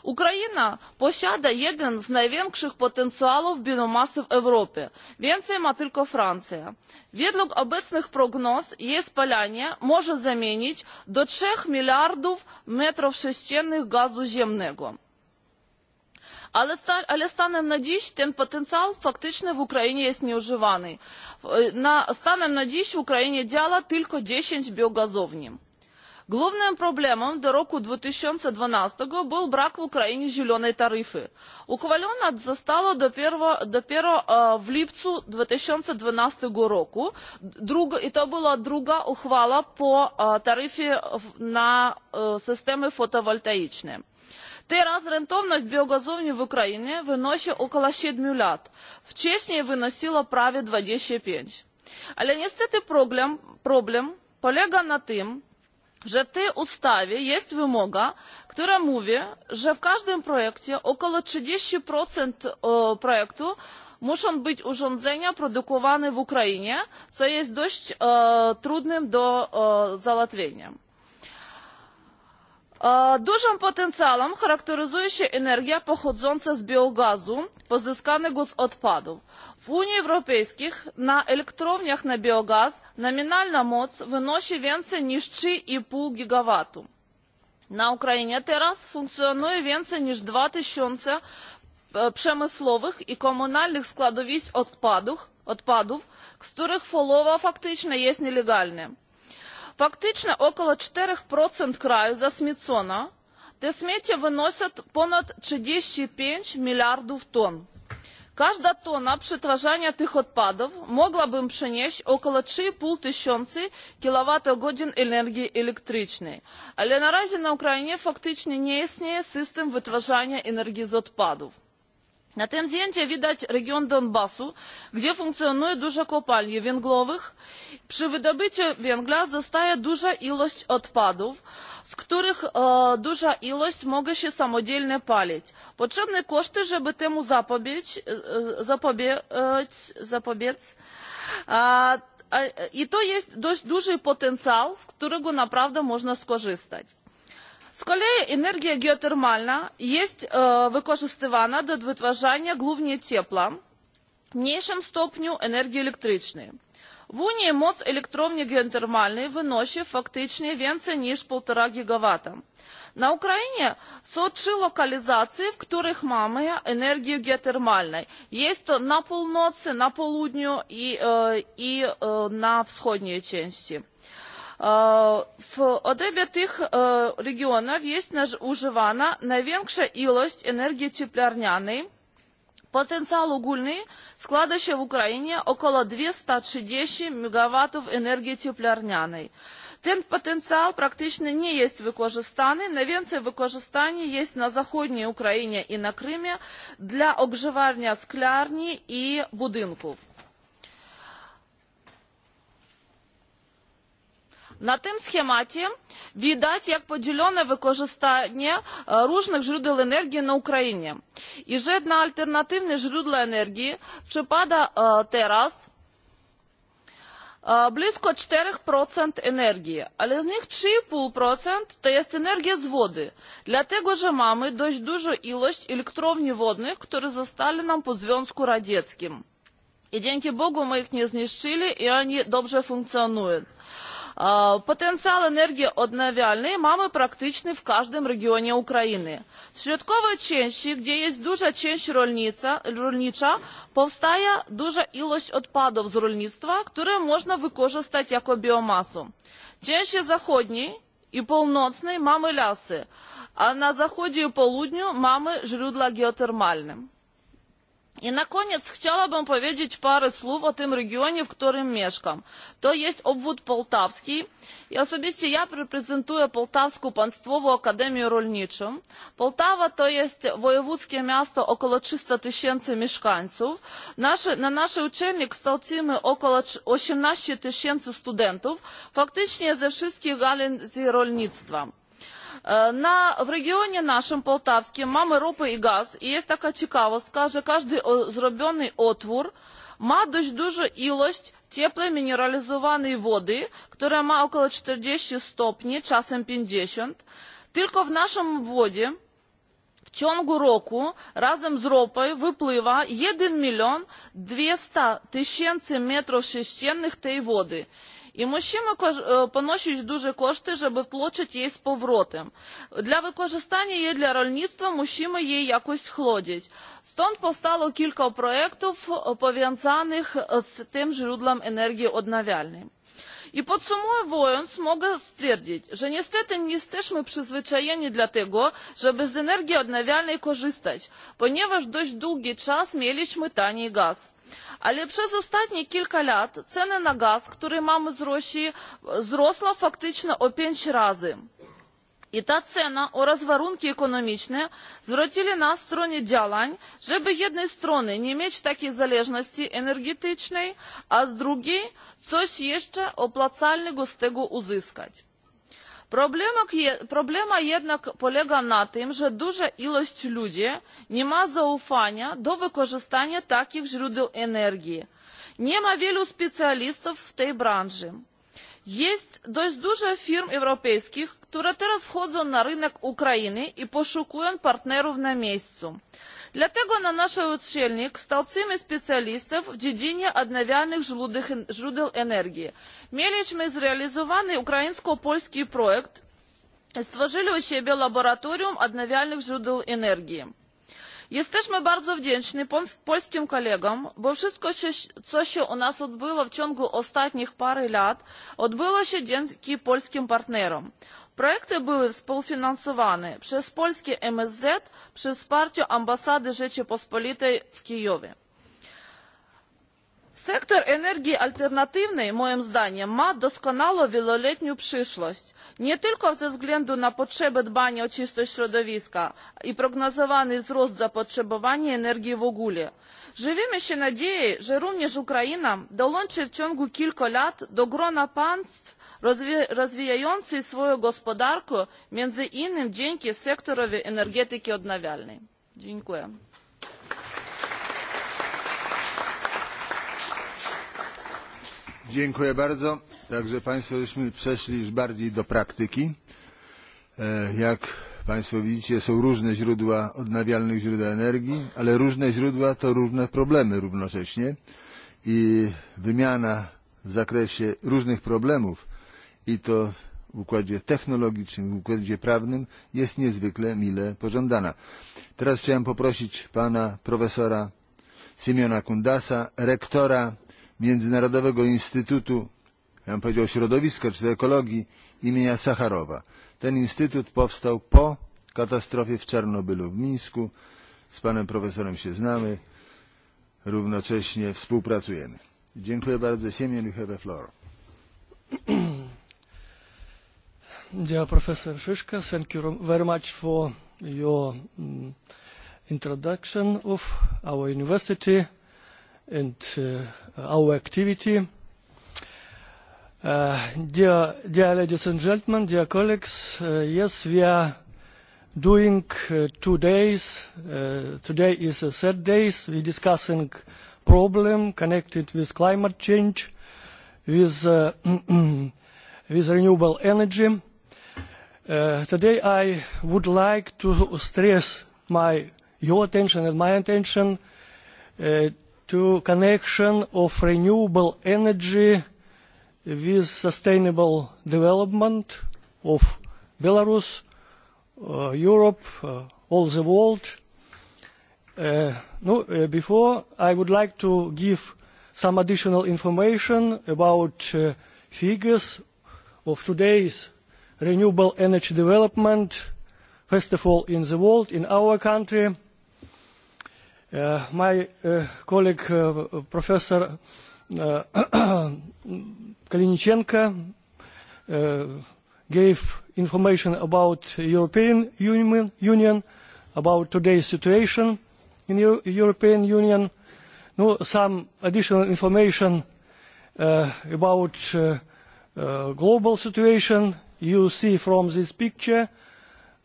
Ukraina posiada jeden z największych potencjałów biomasy w Europie. Więcej ma tylko Francja. Według obecnych prognoz jej spalanie może zamienić do 3 miliardów metrów sześciennych gazu ziemnego. Ale, sta, ale stanem na dziś ten potencjał faktycznie w Ukrainie jest nieużywany. Na, stanem na dziś w Ukrainie działa tylko 10 biogazowni Главным проблемом до roku 2012 был брак в Украине зеленой тарифы. Ухвалена застала до 1, до 1 э, в липцу 2012 року. Друг, и то была друга ухвала по э, тарифе на э, системы фотовольтаичные. Teraz rentowność biogazowni w Ukrainie wynosi około 7 lat. Wcześniej wynosiła prawie 25. Ale niestety problem, problem polega na tym, że w tej ustawie jest wymóg który mówi że w każdym projekcie około trzydzieści e, projektu muszą być urządzenia produkowane w ukrainie co jest dość e, trudne do e, załatwienia. dużym potencjałem charakteryzuje się energia pochodząca z biogazu pozyskanego z odpadów w unii europejskiej na elektrowniach na biogaz nominalna moc wynosi więcej niż trzy pięć gigawatów. na ukrainie teraz funkcjonuje więcej niż dwa tysiące przemysłowych i komunalnych składowisk odpadów, odpadów z których połowa faktycznie jest nielegalna. faktycznie około cztery kraju zaśmiecono te śmieci wynoszą ponad trzydzieści pięć miliardów ton każda tona przetwarzania tych odpadów mogłaby przynieść około trzy pięć tysiąca kilowatogodzin energii elektrycznej ale na razie na ukrainie faktycznie nie istnieje system wytwarzania energii z odpadów na tym zdjęciu widać region donbasu gdzie funkcjonuje dużo kopalni węglowych. przy wydobyciu węgla zostaje duża ilość odpadów z których e, duża ilość może się samodzielnie palić. potrzebne koszty żeby temu zapobiec, zapobiec, zapobiec a, i to jest dość duży potencjał z którego naprawdę można skorzystać Z kolei energia geotermalna jest wykorzystywana do wytwarzania głównie ciepła, w mniejszym stopniu energii elektrycznej. W Unii moc elektrowni geotermalnej wynosi faktycznie więcej niż 1,5 gigawata. Na Ukrainie są trzy lokalizacje, w których mamy energię geotermalną. Jest to na północy, na południu i, i na wschodniej części. W odrębie tych regionów jest używana największa ilość energii cieplarnianej. Potencjał ogólny składa się w Ukrainie około 230 MW energii cieplarnianej. Ten potencjał praktycznie nie jest wykorzystany. Najwięcej wykorzystanie jest na zachodniej Ukrainie i na Krymie dla ogrzewania sklarni i budynków na tym schemacie widać jak podzielone wykorzystanie różnych źródeł energii na ukrainie i że na alternatywne źródła energii przypada teraz blisko cztery energii ale z nich trzy pięć to jest energia z wody dlatego że mamy dość dużą ilość elektrowni wodnych które zostały nam po związku radzieckim i dzięki bogu my ich nie zniszczyli i one dobrze funkcjonują. Потенциал энергии одновіальної mamy практичний в кожному регіоні України. Środkowo Ченщі, де є дуже ченщ rolnicza, powstaje duża ilość odpadów z rolnictwa, które można wykorzystać jako biomasę. Części zachodniej i północnej mamy lasy, a na zachodzie i południu mamy źródła geotermalne I na koniec chciałabym powiedzieć parę słów o tym regionie, w którym mieszkam. To jest obwód poltawski i osobiście ja reprezentuję Poltawską Państwową Akademię Rolniczą. Poltawa to jest wojewódzkie miasto około 300 tysięcy mieszkańców. Nasze, na naszej uczelni kształcimy około 18 tysięcy studentów, faktycznie ze wszystkich galin rolnictwa. Na, w regionie naszym poltawskim mamy ropę i gaz i jest taka ciekawostka, że każdy zrobiony otwór ma dość dużą ilość cieplej mineralizowanej wody, która ma około 40 stopni, czasem 50. Tylko w naszym obwodzie w ciągu roku razem z ropą wypływa 1 milion 200 tysięcy metrów sześciennych tej wody. І мужчина э, поношують дуже кошти, щоб втлочити її з повротом. Для використання її для рольництва мужчина її якось хлодять. Stąd powstało kilka projektów powiązanych z tym źródłem energii odnawialnej. I podsumowując, mogę stwierdzić, że niestety nie jesteśmy przyzwyczajeni do tego, żeby z energii odnawialnej korzystać, ponieważ dość długi czas mieliśmy tani gaz ale przez ostatnie kilka lat ceny na gaz który mamy z rosji wzrosła faktycznie o pięć razy i ta cena oraz warunki ekonomiczne zwrócili nas w stronę działań żeby z jednej strony nie mieć takiej zależności energetycznej a z drugiej coś jeszcze opłacalnego z tego uzyskać problema jednak polega na tym że duża ilość ludzi nie ma zaufania do wykorzystania takich źródeł energii. nie ma wielu specjalistów w tej branży. jest dość dużo firm europejskich które teraz wchodzą na rynek ukrainy i poszukują partnerów na miejscu dlatego na naszych uczelniach kształcimy specjalistów w dziedzinie odnawialnych źródeł energii. mieliśmy zrealizowany ukraińsko polski projekt i stworzyli u siebie laboratorium odnawialnych źródeł energii. Jesteśmy bardzo wdzięczni polskim kolegom, bo wszystko, się, co się u nas odbyło w ciągu ostatnich pary lat, odbyło się dzięki polskim partnerom. Projekty były współfinansowane przez polskie MSZ przy wsparciu Ambasady Rzeczypospolitej w Kijowie. Sektor energii alternatywnej, moim zdaniem, ma doskonałą wieloletnią przyszłość. Nie tylko ze względu na potrzebę dbania o czystość środowiska i prognozowany wzrost zapotrzebowania energii w ogóle. Żywimy się nadziei, że również Ukraina dołączy w ciągu kilku lat do grona państw rozwijającej swoją gospodarkę między innymi dzięki sektorowi energetyki odnawialnej. dziękuję. dziękuję bardzo. także państwo żeśmy przeszli już bardziej do praktyki. E, jak państwo widzicie są różne źródła odnawialnych źródeł energii ale różne źródła to różne problemy równocześnie i wymiana w zakresie różnych problemów i to w układzie technologicznym, w układzie prawnym jest niezwykle mile pożądana. Teraz chciałem poprosić pana profesora Siemiona Kundasa, rektora Międzynarodowego Instytutu, ja bym powiedział środowiska czy ekologii imienia Sacharowa. Ten instytut powstał po katastrofie w Czarnobylu w Mińsku. Z panem profesorem się znamy, równocześnie współpracujemy. Dziękuję bardzo. Siemien, you have the floor. Dear Professor Shishka, thank you very much for your um, introduction of our university and uh, our activity. Uh, dear, dear ladies and gentlemen, dear colleagues, uh, yes, we are doing uh, two days. Uh, today is the third day. We're discussing problem connected with climate change, with, uh, with renewable energy Uh, today I would like to stress my, your attention and my attention uh, to connection of renewable energy with sustainable development of Belarus, uh, Europe, uh, all the world. Uh, no, uh, before, I would like to give some additional information about uh, figures of today's renewable energy development, first of all in the world, in our country. Uh, my uh, colleague, uh, Professor uh, Kalinichenko, uh, gave information about European Union, Union about today's situation in Euro European Union. No, some additional information uh, about uh, uh, global situation you see from this picture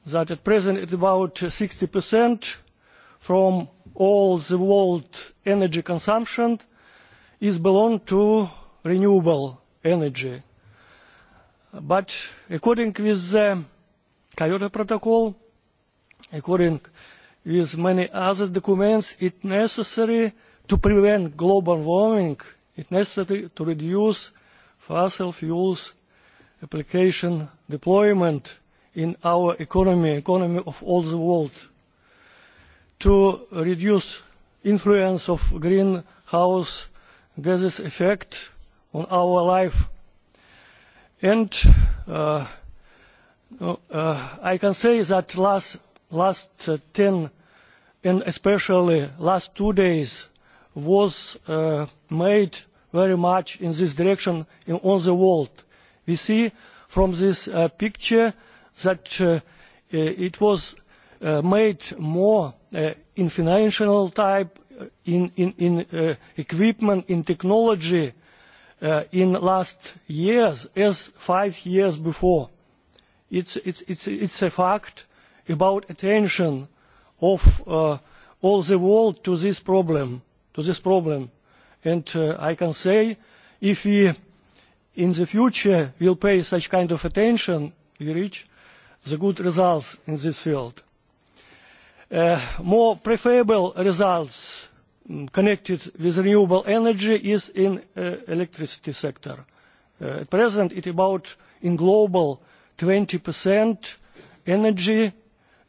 that at present it's about 60% from all the world energy consumption is belong to renewable energy. But according with the Kyoto Protocol, according with many other documents, it's necessary to prevent global warming, it's necessary to reduce fossil fuels application deployment in our economy, economy of all the world, to reduce influence of greenhouse gases effect on our life. And uh, uh, I can say that last, last uh, 10 and especially last two days was uh, made very much in this direction in all the world We see from this uh, picture that uh, uh, it was uh, made more uh, in financial type, uh, in, in, in uh, equipment, in technology uh, in last years as five years before. It's, it's, it's, it's a fact about attention of uh, all the world to this problem, to this problem. And uh, I can say if we in the future will pay such kind of attention, we reach the good results in this field. Uh, more preferable results um, connected with renewable energy is in uh, electricity sector. Uh, at present, it about in global 20% energy,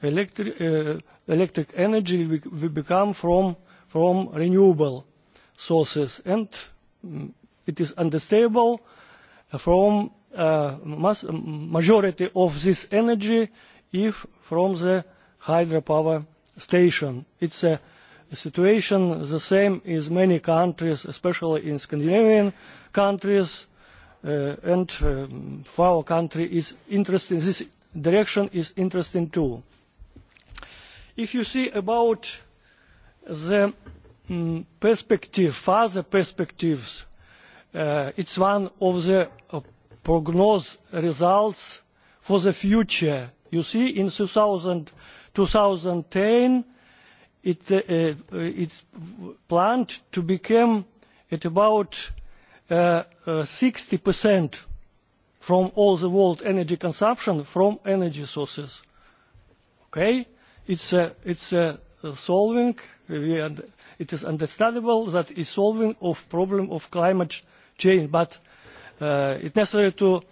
electric, uh, electric energy we, we become from, from renewable sources, and um, it is understandable uh, from uh, mass majority of this energy if from the hydropower station. It's a situation the same as many countries, especially in Scandinavian countries, uh, and um, for our country is interesting. This direction is interesting too. If you see about the um, perspective, further perspectives Uh, it's one of the uh, prognose results for the future. You see, in 2000, 2010, it, uh, uh, it's planned to become at about uh, uh, 60% from all the world energy consumption from energy sources. Okay? It's, uh, it's uh, solving, we, it is understandable that it's solving of problem of climate change, but uh, it's necessary to,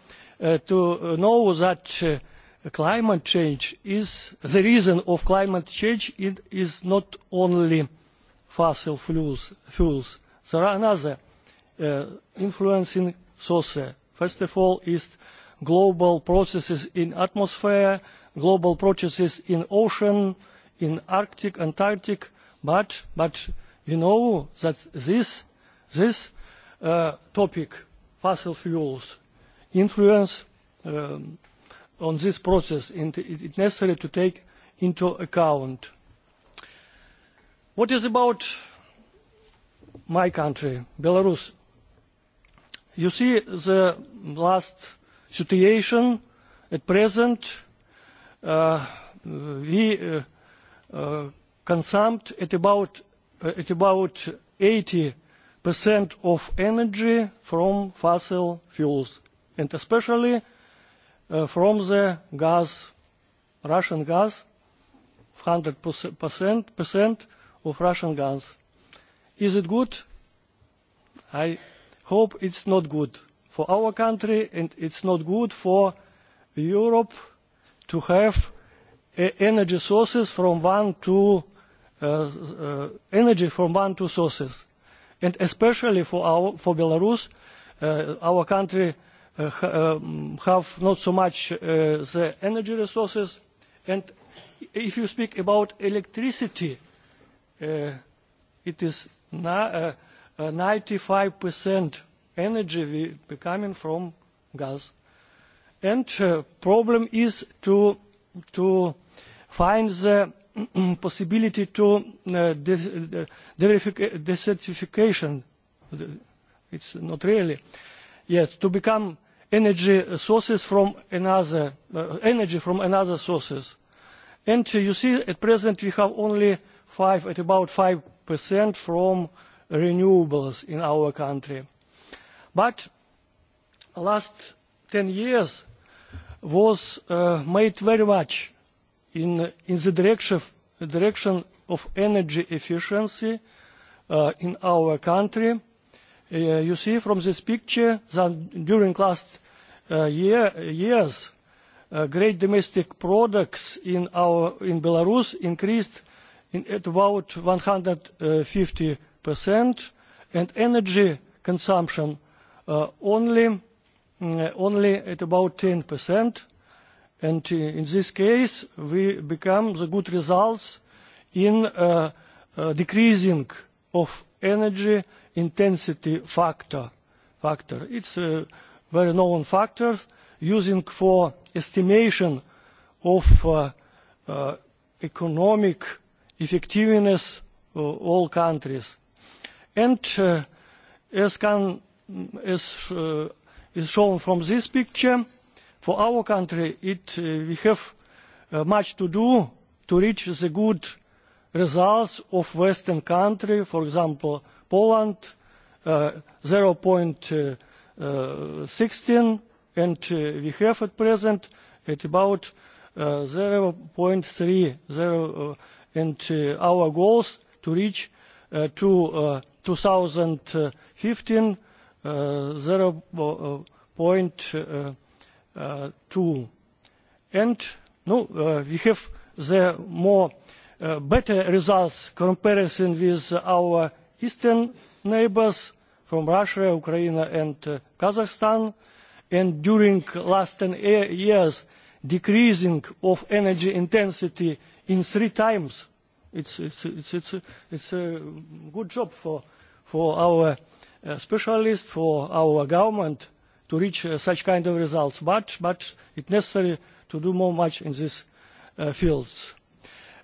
uh, to know that uh, climate change is, the reason of climate change it is not only fossil fuels, fuels. There are another uh, influencing sources. First of all is global processes in atmosphere, global processes in ocean, in Arctic, Antarctic, but, but you know that this, this uh, topic, fossil fuels, influence um, on this process, and it is necessary to take into account. What is about my country, Belarus? You see the last situation at present, uh, we uh, uh, consumed at about, uh, at about 80 percent of energy from fossil fuels, and especially uh, from the gas, Russian gas, 100% percent of Russian gas. Is it good? I hope it's not good for our country, and it's not good for Europe to have uh, energy sources from one to uh, uh, energy from one to sources and especially for, our, for Belarus, uh, our country uh, ha, um, have not so much uh, the energy resources. And if you speak about electricity, uh, it is na uh, uh, 95% energy we coming from gas. And uh, problem is to, to find the Mm, possibility to uh, uh desertification, it's not really, yes, to become energy sources from another, uh, energy from another sources. And uh, you see at present we have only five, at about 5% from renewables in our country. But last 10 years was uh, made very much in, in the direction, direction of energy efficiency uh, in our country. Uh, you see from this picture that during last uh, year, years, uh, great domestic products in, our, in Belarus increased in, at about 150%, and energy consumption uh, only, uh, only at about 10%. And uh, in this case, we become the good results in uh, uh, decreasing of energy intensity factor. factor. It's a very known factor using for estimation of uh, uh, economic effectiveness of all countries. And uh, as, can, as uh, is shown from this picture, For our country, it, uh, we have uh, much to do to reach the good results of Western country, for example, Poland, uh, 0.16, uh, uh, and uh, we have at present at about uh, 0.3, 0, uh, and uh, our goals to reach uh, to uh, 2015 uh, 0.3 uh, tool. And no, uh, we have the more uh, better results comparison with our eastern neighbors from Russia, Ukraine and uh, Kazakhstan. And during last 10 uh, years, decreasing of energy intensity in three times. It's, it's, it's, it's, it's a good job for, for our uh, specialists, for our government to reach uh, such kind of results, but, but it's necessary to do more much in these uh, fields.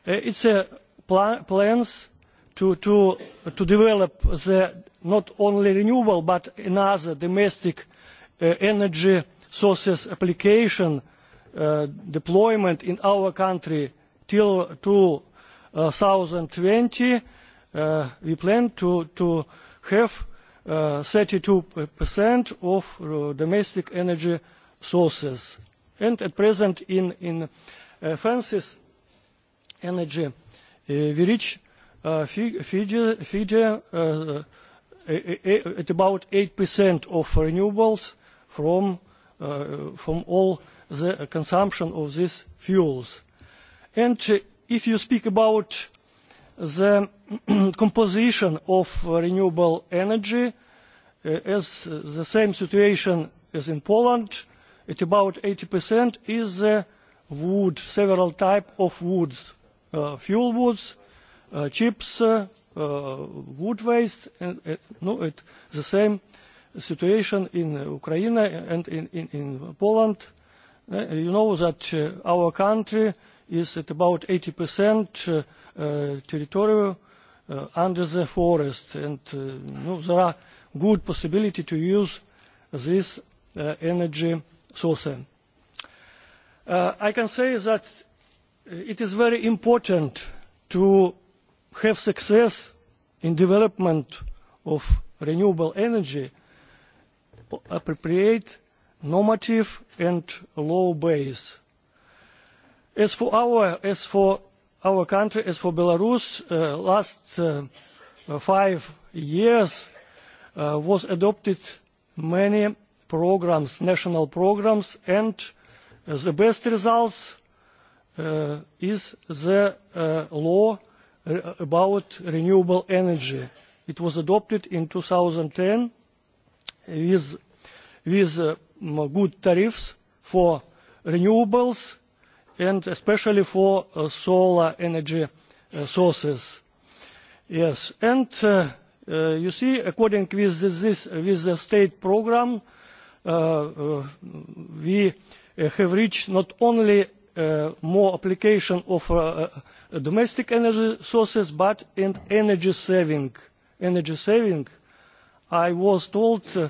Uh, it's a pl plans to, to, to develop the not only renewable but another domestic uh, energy sources application uh, deployment in our country till 2020. Uh, uh, we plan to, to have uh, 32% of uh, domestic energy sources. And at present in, in uh, France's energy, uh, we reach uh, Fiji, Fiji uh, uh, uh, uh, at about 8% of renewables from, uh, from all the consumption of these fuels. And uh, if you speak about the composition of renewable energy uh, as the same situation as in Poland at about 80% is uh, wood, several types of woods, uh, fuel woods, uh, chips, uh, uh, wood waste, and uh, no, it, the same situation in Ukraine and in, in, in Poland. Uh, you know that uh, our country is at about 80% uh, uh, territorial uh, under the forest. And uh, no, there are good possibility to use this uh, energy source. Uh, I can say that it is very important to have success in development of renewable energy appropriate normative and law base. As for our, as for our country is for Belarus uh, last uh, five years uh, was adopted many programs, national programs, and uh, the best results uh, is the uh, law re about renewable energy. It was adopted in 2010 with, with uh, good tariffs for renewables, and especially for uh, solar energy uh, sources. Yes, and uh, uh, you see, according with this, this with the state program, uh, uh, we uh, have reached not only uh, more application of uh, uh, domestic energy sources, but in energy saving. Energy saving. I was told uh,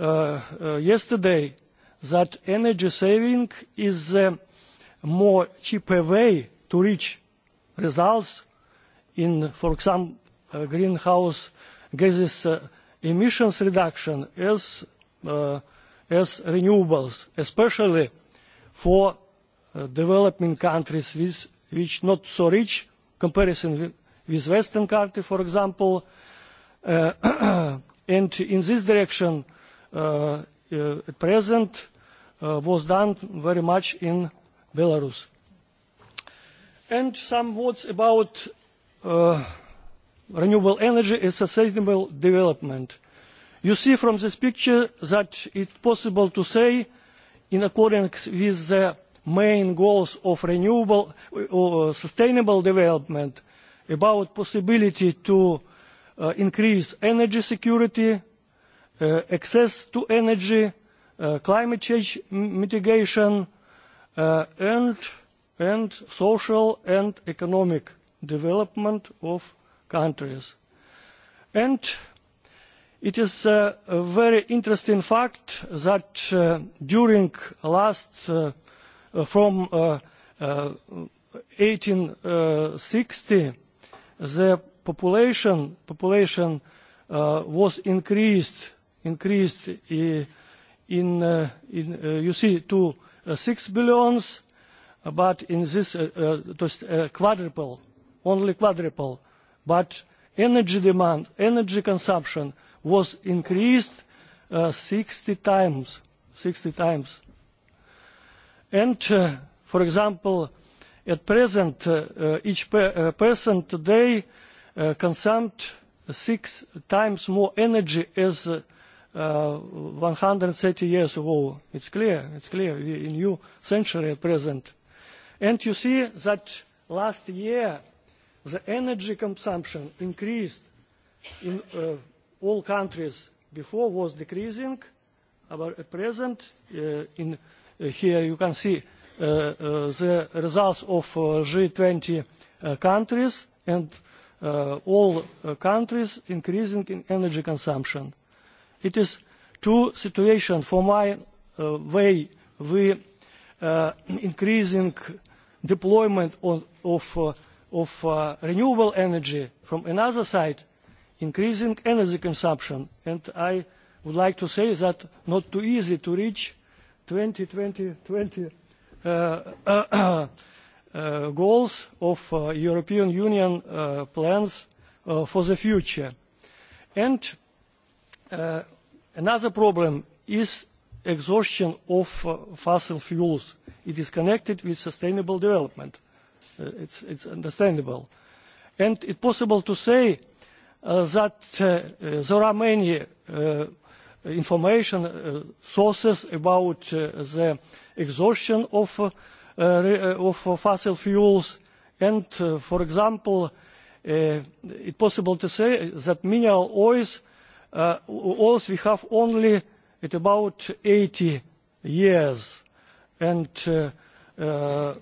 uh, yesterday that energy saving is. Uh, more cheaper way to reach results in, for example, uh, greenhouse gases uh, emissions reduction as, uh, as renewables, especially for uh, developing countries with, which not so rich comparison with, with Western country, for example. Uh, and in this direction, uh, uh, at present, uh, was done very much in Belarus. And some words about uh, renewable energy and sustainable development. You see from this picture that it's possible to say, in accordance with the main goals of renewable uh, or sustainable development, about possibility to uh, increase energy security, uh, access to energy, uh, climate change mitigation, uh, and, and social and economic development of countries. And it is uh, a very interesting fact that uh, during last, uh, uh from uh, uh, 1860, the population, population uh, was increased, increased in, uh, in, uh, in uh, you see, to 6 uh, billions, uh, but in this uh, uh, uh, quadruple, only quadruple. But energy demand, energy consumption was increased uh, 60 times. 60 times. And, uh, for example, at present, uh, uh, each per, uh, person today uh, consumed six times more energy as uh, uh, 130 years ago. It's clear, it's clear, a new century at present. And you see that last year the energy consumption increased in uh, all countries before was decreasing, but at present uh, in uh, here you can see uh, uh, the results of uh, G20 uh, countries and uh, all uh, countries increasing in energy consumption. Uh, It is two situations for my uh, way we uh, increasing deployment of, of, uh, of uh, renewable energy from another side, increasing energy consumption. And I would like to say that not too easy to reach 20, 20, 20 uh, uh, uh, goals of uh, European Union uh, plans uh, for the future. And uh, Another problem is exhaustion of uh, fossil fuels. It is connected with sustainable development. Uh, it's, it's understandable. And it's possible to say uh, that uh, uh, there are many uh, information uh, sources about uh, the exhaustion of, uh, uh, of fossil fuels. And, uh, for example, uh, it's possible to say that mineral oils uh, also we have only at about 80 years and uh, uh,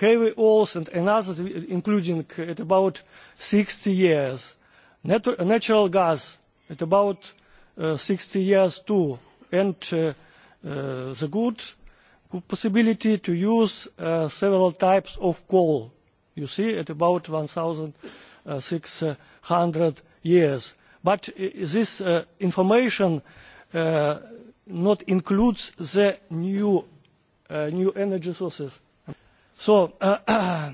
heavy oils and another including at about 60 years. Nat natural gas at about uh, 60 years too and uh, uh, the good possibility to use uh, several types of coal. You see, at about 1,600 uh, years but uh, this uh, information uh, not includes the new uh, new energy sources. So, uh, uh,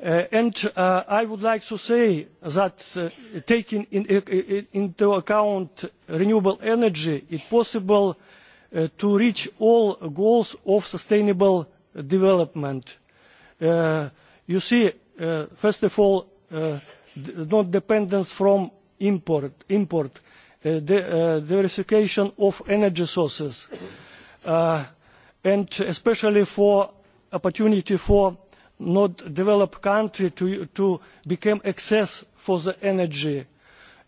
and uh, I would like to say that uh, taking in, in, into account renewable energy, it's possible uh, to reach all goals of sustainable development. Uh, you see, uh, first of all, uh, not dependence from import, import uh, the, uh, diversification of energy sources, uh, and especially for opportunity for not developed country to, to become access for the energy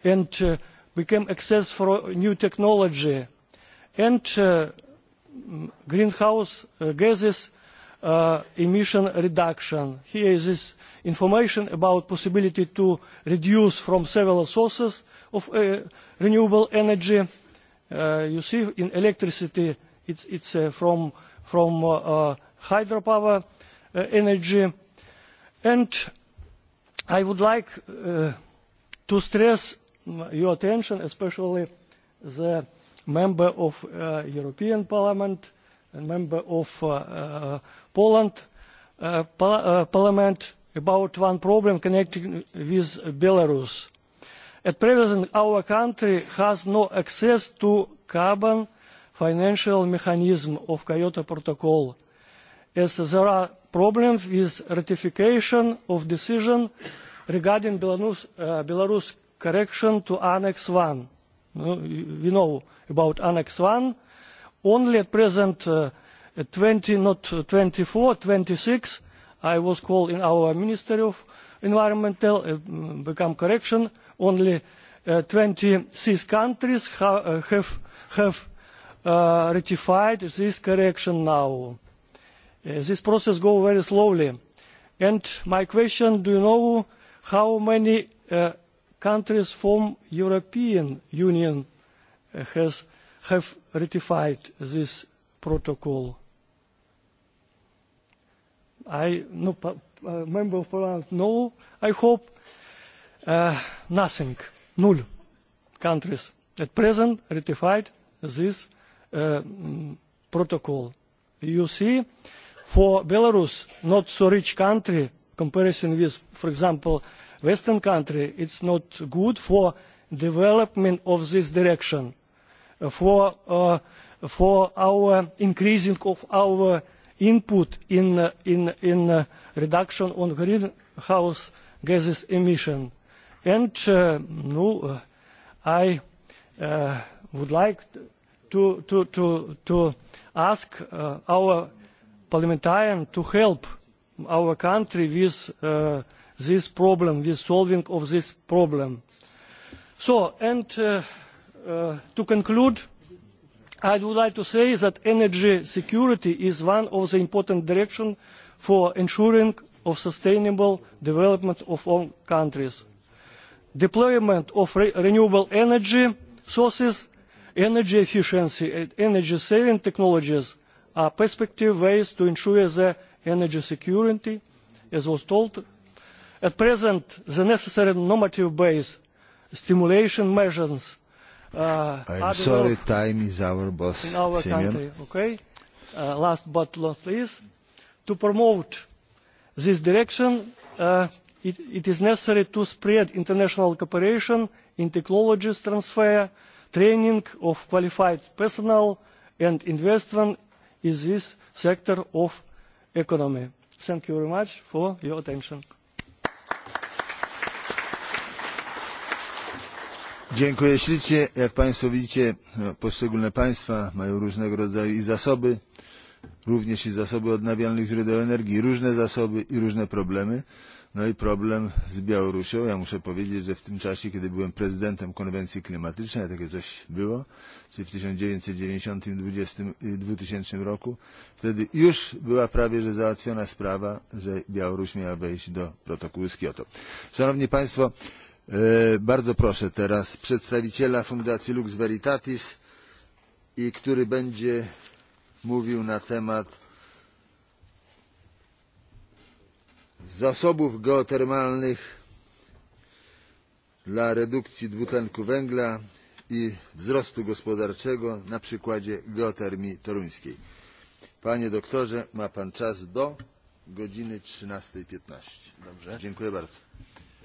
and uh, become access for new technology. And uh, greenhouse uh, gases uh, emission reduction. Here is this information about possibility to reduce from several sources of uh, renewable energy. Uh, you see, in electricity, it's, it's uh, from, from uh, uh, hydropower uh, energy. And I would like uh, to stress your attention, especially the member of uh, European Parliament and member of uh, uh, Poland uh, par uh, Parliament about one problem connected with Belarus. At present, our country has no access to carbon financial mechanism of Kyoto Protocol, as there are problems with ratification of decision regarding Belarus, uh, Belarus correction to Annex 1. We know about Annex 1. Only at present, uh, 20, not 24, 26 I was called in our Ministry of Environmental, uh, become correction, only uh, 26 countries ha uh, have, have uh, ratified this correction now. Uh, this process goes very slowly. And my question, do you know how many uh, countries from European Union uh, has, have ratified this protocol? I, no, nu, uh, member of parliament, no, I hope uh, nothing, null countries at present ratified this uh, mm, protocol. You see, for Belarus, not so rich country, comparison with, for example, Western country, it's not good for development of this direction, uh, for, uh, for our increasing of our uh, input in, uh, in, in uh, reduction on greenhouse gases emission. And uh, no, nu, uh, I uh, would like to, to, to, to ask uh, our parliamentarian to help our country with uh, this problem, with solving of this problem. So, and uh, uh, to conclude, uh, I would like to say that energy security is one of the important directions for ensuring of sustainable development of all countries. Deployment of re renewable energy sources, energy efficiency and energy saving technologies are prospective ways to ensure the energy security, as was told. At present, the necessary normative base stimulation measures Uh, I'm sorry, time is our boss. In our Semyon. country, okay. Uh, last but not least, to promote this direction, uh, it, it is necessary to spread international cooperation in technologies transfer, training of qualified personnel, and investment in this sector of economy. Thank you very much for your attention. Dziękuję ślicznie. Jak Państwo widzicie, poszczególne państwa mają różnego rodzaju i zasoby, również i zasoby odnawialnych źródeł energii, różne zasoby i różne problemy. No i problem z Białorusią. Ja muszę powiedzieć, że w tym czasie, kiedy byłem prezydentem konwencji klimatycznej, a takie coś było, czyli w 1990-2000 roku, wtedy już była prawie że załatwiona sprawa, że Białoruś miała wejść do protokołu z Kioto. Szanowni Państwo, E, bardzo proszę teraz przedstawiciela Fundacji Lux Veritatis, i który będzie mówił na temat zasobów geotermalnych dla redukcji dwutlenku węgla i wzrostu gospodarczego na przykładzie geotermii toruńskiej. Panie doktorze, ma pan czas do godziny 13.15. Dobrze. Dziękuję bardzo.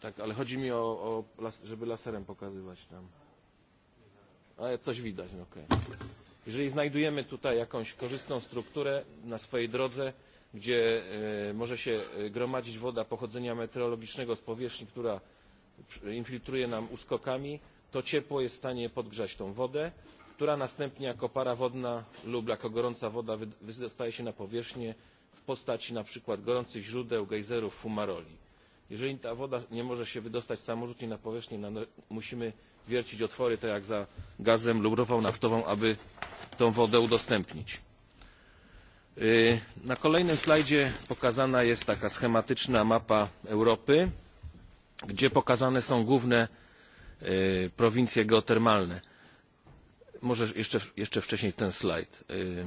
Tak, ale chodzi mi o, o las, żeby laserem pokazywać tam. Ale coś widać, no okej. Okay. Jeżeli znajdujemy tutaj jakąś korzystną strukturę na swojej drodze, gdzie y, e, może się e, gromadzić woda pochodzenia meteorologicznego z powierzchni, która infiltruje nam uskokami, to ciepło jest w stanie podgrzać tą wodę, która następnie jako para wodna lub jako gorąca woda wydostaje się na powierzchnię w postaci na przykład gorących źródeł, gejzerów, fumaroli Jeżeli ta woda nie może się wydostać samorzutnie na powierzchnię, na, musimy wiercić otwory, tak jak za gazem lub ropą naftową, aby tą wodę udostępnić. Yy, na kolejnym slajdzie pokazana jest taka schematyczna mapa Europy, gdzie pokazane są główne yy, prowincje geotermalne. Może jeszcze, jeszcze wcześniej ten slajd. Yy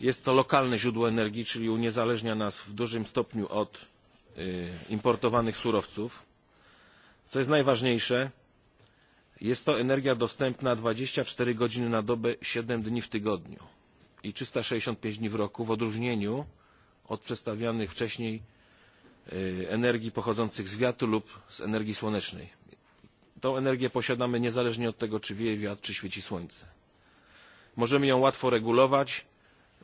Jest to lokalne źródło energii, czyli uniezależnia nas w dużym stopniu od importowanych surowców. Co jest najważniejsze, jest to energia dostępna 24 godziny na dobę, 7 dni w tygodniu i 365 dni w roku, w odróżnieniu od przedstawianych wcześniej energii pochodzących z wiatru lub z energii słonecznej. Tą energię posiadamy niezależnie od tego, czy wieje wiatr, czy świeci słońce. Możemy ją łatwo regulować,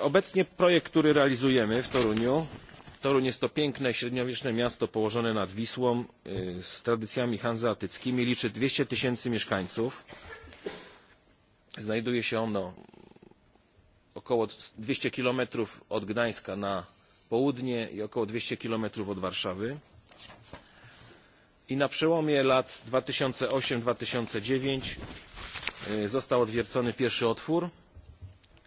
obecnie projekt który realizujemy w toruniu toruń jest to piękne średniowieczne miasto położone nad wisłą z tradycjami hanzeatyckimi liczy dwieście tysięcy mieszkańców znajduje się ono około dwieście kilometrów od gdańska na południe i około dwieście kilometrów od warszawy i na przełomie lat dwa tysiące osiem dwa tysiące dziewięć został odwiercony pierwszy otwór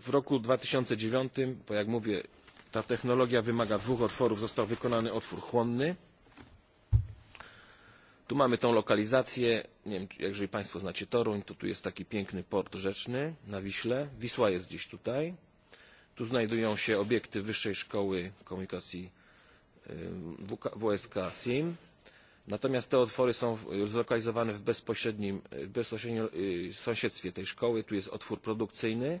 w roku dwa tysiące dziewięć bo jak mówię ta technologia wymaga dwóch otworów został wykonany otwór chłonny tu mamy tą lokalizację nie wiem jeżeli państwo znacie toruń to tu jest taki piękny port rzeczny na wiśle wisła jest gdzieś tutaj tu znajdują się obiekty wyższej szkoły komunikacji wsk sim natomiast te otwory są zlokalizowane w bezpośrednim, w bezpośrednim sąsiedztwie tej szkoły tu jest otwór produkcyjny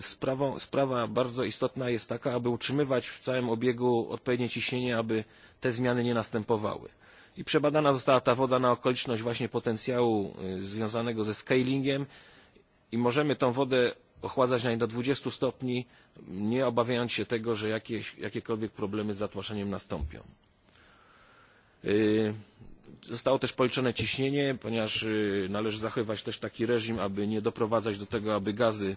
Sprawą, sprawa bardzo istotna jest taka, aby utrzymywać w całym obiegu odpowiednie ciśnienie, aby te zmiany nie następowały. I przebadana została ta woda na okoliczność właśnie potencjału związanego ze scalingiem i możemy tą wodę ochładzać na do 20 stopni, nie obawiając się tego, że jakieś, jakiekolwiek problemy z zatłaszczeniem nastąpią. Yy, zostało też policzone ciśnienie, ponieważ yy, należy zachowywać też taki reżim, aby nie doprowadzać do tego, aby gazy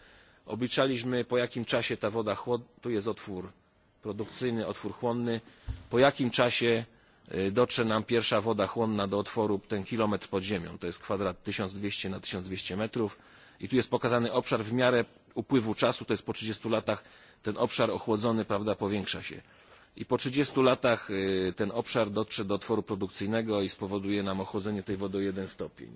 Obliczaliśmy po jakim czasie ta woda chłodnie, tu jest otwór produkcyjny, otwór chłonny, po jakim czasie dotrze nam pierwsza woda chłonna do otworu ten kilometr pod ziemią. To jest kwadrat 1200 na 1200 metrów i tu jest pokazany obszar w miarę upływu czasu, to jest po 30 latach ten obszar ochłodzony prawda, powiększa się. I po 30 latach ten obszar dotrze do otworu produkcyjnego i spowoduje nam ochłodzenie tej wody o 1 stopień.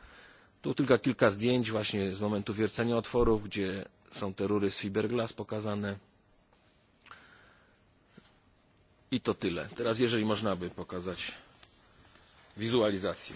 Tu tylko kilka zdjęć właśnie z momentu wiercenia otworów, gdzie są te rury z fiberglass pokazane. I to tyle. Teraz jeżeli można by pokazać wizualizację.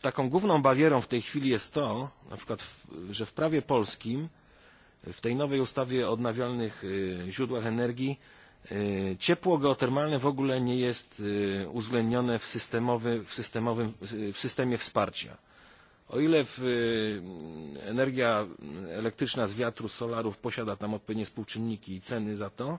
taką główną barierą w tej chwili jest to, na przykład, że w prawie polskim, w tej nowej ustawie o odnawialnych źródłach energii, ciepło geotermalne w ogóle nie jest uwzględnione w, systemowy, w, systemowym, w systemie wsparcia. O ile w, energia elektryczna z wiatru, solarów posiada tam odpowiednie współczynniki i ceny za to,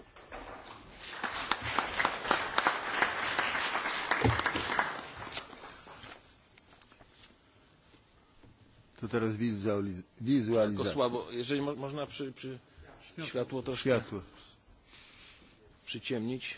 To teraz wizualiz wizualizacja. Tylko słabo, jeżeli mo można przy, przy światło. światło troszkę światło. przyciemnić.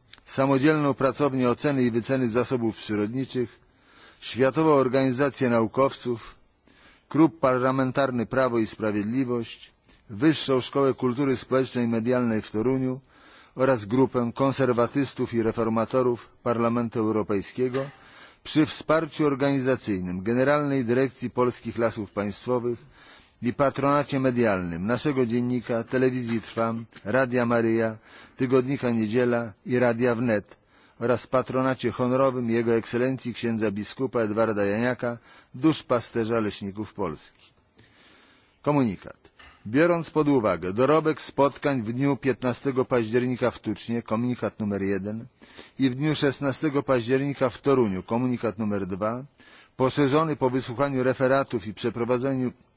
samodzielną pracownię oceny i wyceny zasobów przyrodniczych, Światową Organizację Naukowców, Klub Parlamentarny Prawo i Sprawiedliwość, Wyższą Szkołę Kultury Społecznej i Medialnej w Toruniu oraz grupę konserwatystów i reformatorów Parlamentu Europejskiego przy wsparciu organizacyjnym Generalnej Dyrekcji Polskich Lasów Państwowych i patronacie medialnym naszego dziennika telewizji trwam radia maryja tygodnika niedziela i radia wnet oraz patronacie honorowym jego ekscelencji księdza biskupa edwarda janiaka duszpasterza leśników polski. komunikat biorąc pod uwagę dorobek spotkań w dniu piętnaście października w tucznie komunikat nr jeden i w dniu szesnaście października w toruniu komunikat nr dwa poszerzony po wysłuchaniu referatów i przeprowadzeniu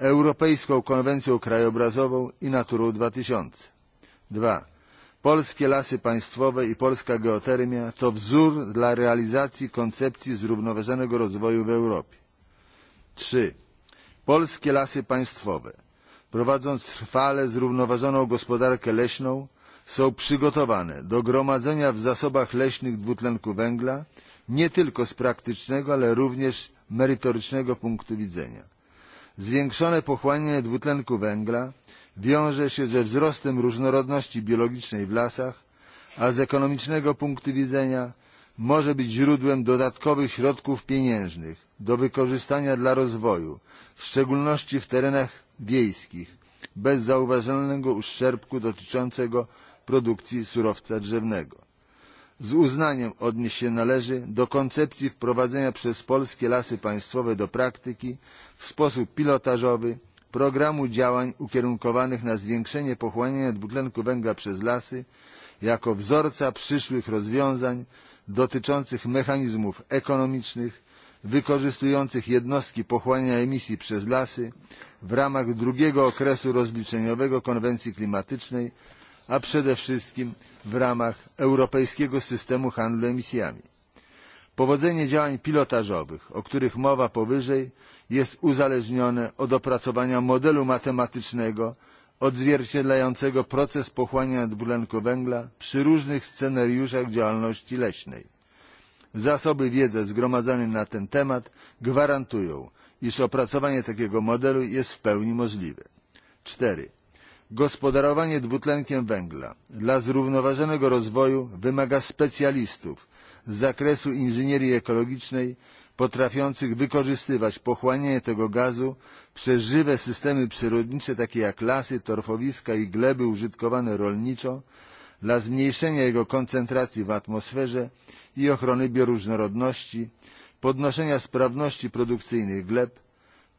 Europejską Konwencją Krajobrazową i Naturą 2000. 2. Polskie lasy państwowe i polska geotermia to wzór dla realizacji koncepcji zrównoważonego rozwoju w Europie. 3. Polskie lasy państwowe, prowadząc trwale zrównoważoną gospodarkę leśną, są przygotowane do gromadzenia w zasobach leśnych dwutlenku węgla nie tylko z praktycznego, ale również merytorycznego punktu widzenia Zwiększone pochłanianie dwutlenku węgla wiąże się ze wzrostem różnorodności biologicznej w lasach, a z ekonomicznego punktu widzenia może być źródłem dodatkowych środków pieniężnych do wykorzystania dla rozwoju, w szczególności w terenach wiejskich, bez zauważalnego uszczerbku dotyczącego produkcji surowca drzewnego z uznaniem odnieść się należy do koncepcji wprowadzenia przez polskie lasy państwowe do praktyki w sposób pilotażowy programu działań ukierunkowanych na zwiększenie pochłaniania dwutlenku węgla przez lasy jako wzorca przyszłych rozwiązań dotyczących mechanizmów ekonomicznych wykorzystujących jednostki pochłaniania emisji przez lasy w ramach drugiego okresu rozliczeniowego konwencji klimatycznej a przede wszystkim w ramach europejskiego systemu handlu emisjami. Powodzenie działań pilotażowych, o których mowa powyżej, jest uzależnione od opracowania modelu matematycznego odzwierciedlającego proces pochłaniania dwutlenku węgla przy różnych scenariuszach działalności leśnej. Zasoby wiedzy zgromadzonej na ten temat gwarantują, iż opracowanie takiego modelu jest w pełni możliwe. 4 Gospodarowanie dwutlenkiem węgla dla zrównoważonego rozwoju wymaga specjalistów z zakresu inżynierii ekologicznej potrafiących wykorzystywać pochłanianie tego gazu przez żywe systemy przyrodnicze takie jak lasy, torfowiska i gleby użytkowane rolniczo dla zmniejszenia jego koncentracji w atmosferze i ochrony bioróżnorodności, podnoszenia sprawności produkcyjnej gleb,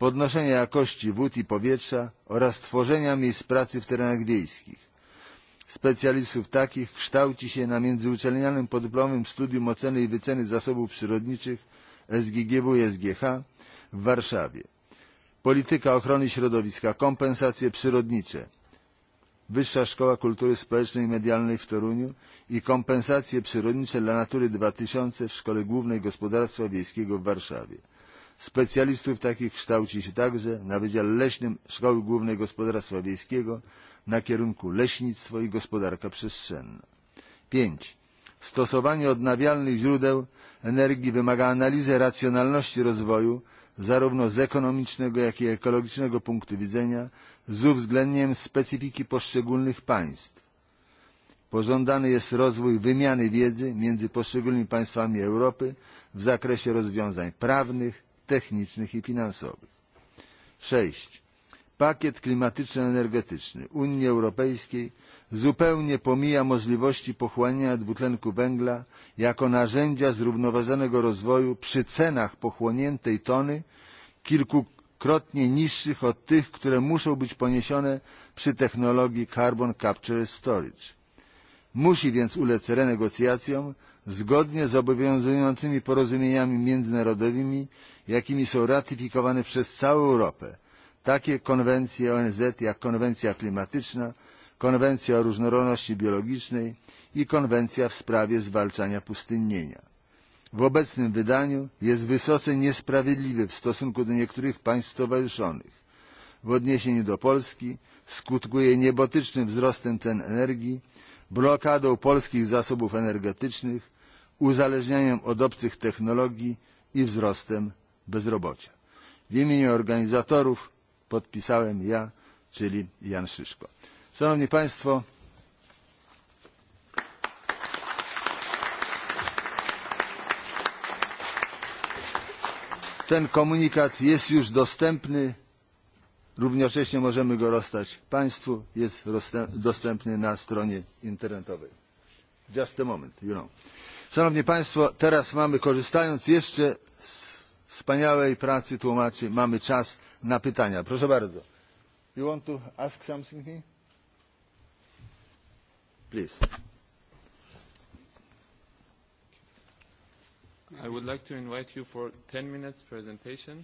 podnoszenia jakości wód i powietrza oraz tworzenia miejsc pracy w terenach wiejskich. Specjalistów takich kształci się na międzyuczelnianym podyplomowym studium oceny i wyceny zasobów przyrodniczych SGGW i SGH w Warszawie. Polityka ochrony środowiska, kompensacje przyrodnicze, Wyższa Szkoła Kultury Społecznej i Medialnej w Toruniu i kompensacje przyrodnicze dla Natury 2000 w Szkole Głównej Gospodarstwa Wiejskiego w Warszawie. Specjalistów takich kształci się także na Wydziale Leśnym Szkoły Głównej Gospodarstwa Wiejskiego na kierunku leśnictwo i gospodarka przestrzenna. 5. Stosowanie odnawialnych źródeł energii wymaga analizy racjonalności rozwoju zarówno z ekonomicznego, jak i ekologicznego punktu widzenia z uwzględnieniem specyfiki poszczególnych państw. Pożądany jest rozwój wymiany wiedzy między poszczególnymi państwami Europy w zakresie rozwiązań prawnych, technicznych i finansowych. sześć pakiet klimatyczno energetyczny unii europejskiej zupełnie pomija możliwości pochłaniania dwutlenku węgla jako narzędzia zrównoważonego rozwoju przy cenach pochłoniętej tony kilkukrotnie niższych od tych które muszą być poniesione przy technologii carbon capture and storage. musi więc ulec renegocjacjom zgodnie z obowiązującymi porozumieniami międzynarodowymi jakimi są ratyfikowane przez całą europę takie konwencje onz jak konwencja klimatyczna konwencja o różnorodności biologicznej i konwencja w sprawie zwalczania pustynnienia. w obecnym wydaniu jest wysoce niesprawiedliwy w stosunku do niektórych państw stowarzyszonych. w odniesieniu do polski skutkuje niebotycznym wzrostem cen energii blokadą polskich zasobów energetycznych uzależnieniem od obcych technologii i wzrostem bezrobocia. w imieniu organizatorów podpisałem ja czyli jan szyszko. szanowni państwo! ten komunikat jest już dostępny Równocześnie możemy go rozstać państwu, jest dostępny na stronie internetowej. Just a moment, you know. Szanowni Państwo, teraz mamy, korzystając jeszcze z wspaniałej pracy tłumaczy, mamy czas na pytania. Proszę bardzo. You want to ask something here? Please. I would like to invite you for 10 minutes presentation.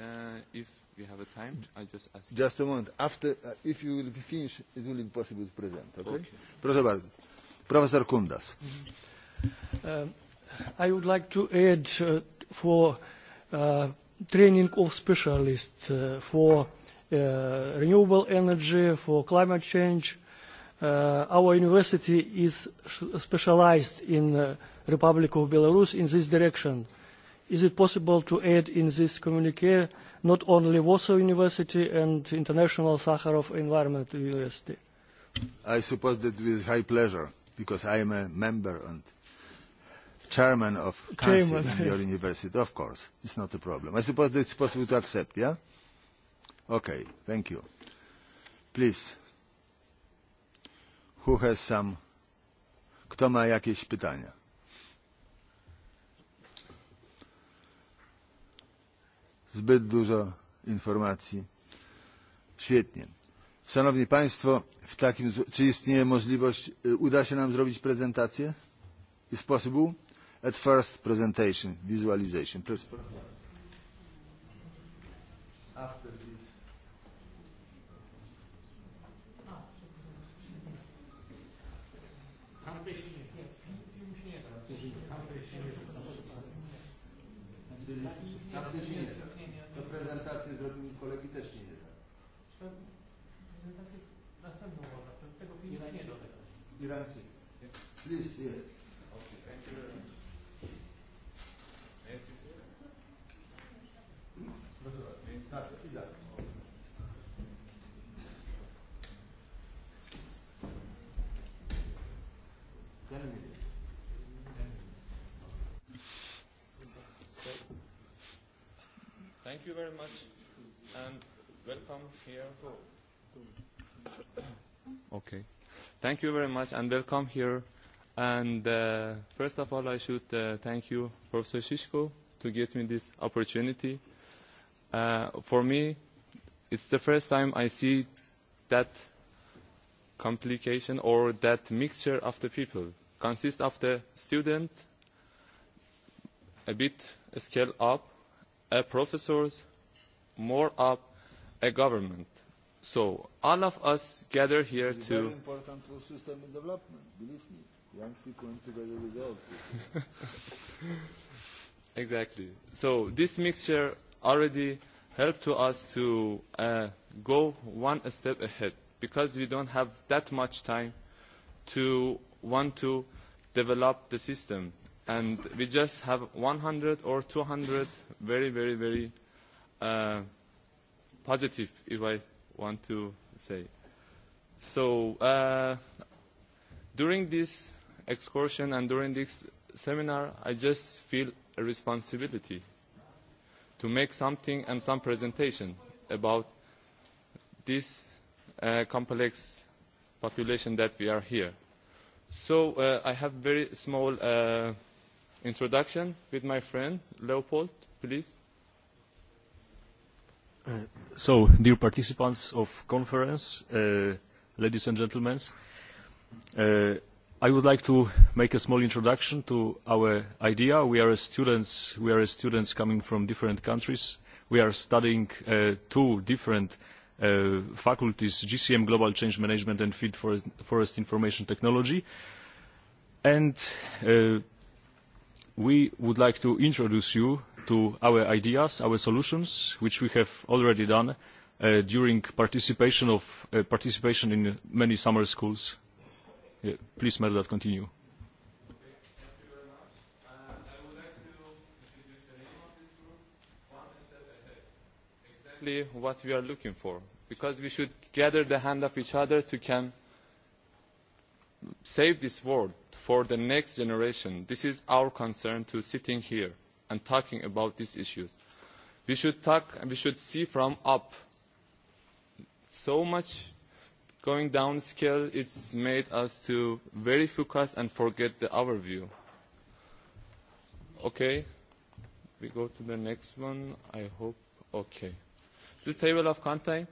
Uh, if we have a time. I just ask. Just a moment. After, uh, if you will be finished, it will be possible to present. Okay. okay. Proszę bardzo. Professor Kundas. Mm-hmm. Um, I would like to add uh, for uh, training of specialists uh, for uh, renewable energy, for climate change. Uh, our university is specialized in uh, Republic of Belarus in this direction. Is it possible to add in this communique uh, not only Warsaw University and International Sakharov Environment University. I suppose that with high pleasure, because I am a member and chairman of council chairman. in your university, of course. It's not a problem. I suppose that it's possible to accept, yeah? Okay, thank you. Please, who has some, kto ma jakieś pytania? zbyt dużo informacji. Świetnie. Szanowni Państwo, w takim, czy istnieje możliwość, uda się nam zrobić prezentację? Is possible? At first presentation, visualization. Please. After this. After this. Ivanti. Please, yes. Okay, thank you very much. Nancy? Nancy? Nancy? Ten minutes. So, thank you very much and welcome here. Okay. Thank you very much and welcome here. And uh, first of all, I should uh, thank you, Professor Shishko, to give me this opportunity. Uh, for me, it's the first time I see that complication or that mixture of the people consists of the student, a bit scale up, a professors, more up, a government So all of us gather here it's to... very important for system development, believe me. Young people and together with old people. exactly. So this mixture already helped to us to uh, go one step ahead because we don't have that much time to want to develop the system. And we just have 100 or 200 very, very, very uh, positive, if I want to say. So uh, during this excursion and during this seminar, I just feel a responsibility to make something and some presentation about this uh, complex population that we are here. So uh, I have very small uh, introduction with my friend, Leopold, please. Uh, so, dear participants of conference, uh, ladies and gentlemen, uh, I would like to make a small introduction to our idea. We are students, we are students coming from different countries. We are studying uh, two different uh, faculties, GCM Global Change Management and Field Forest, Forest Information Technology. And uh, we would like to introduce you to our ideas, our solutions, which we have already done uh, during participation, of, uh, participation in many summer schools. Yeah, please, Merdad, continue. exactly what we are looking for because we should gather the hand of each other to can save this world for the next generation. This is our concern to sitting here and talking about these issues. We should talk and we should see from up. So much going down scale, it's made us to very focus and forget the overview. Okay, we go to the next one. I hope, okay. This table of content,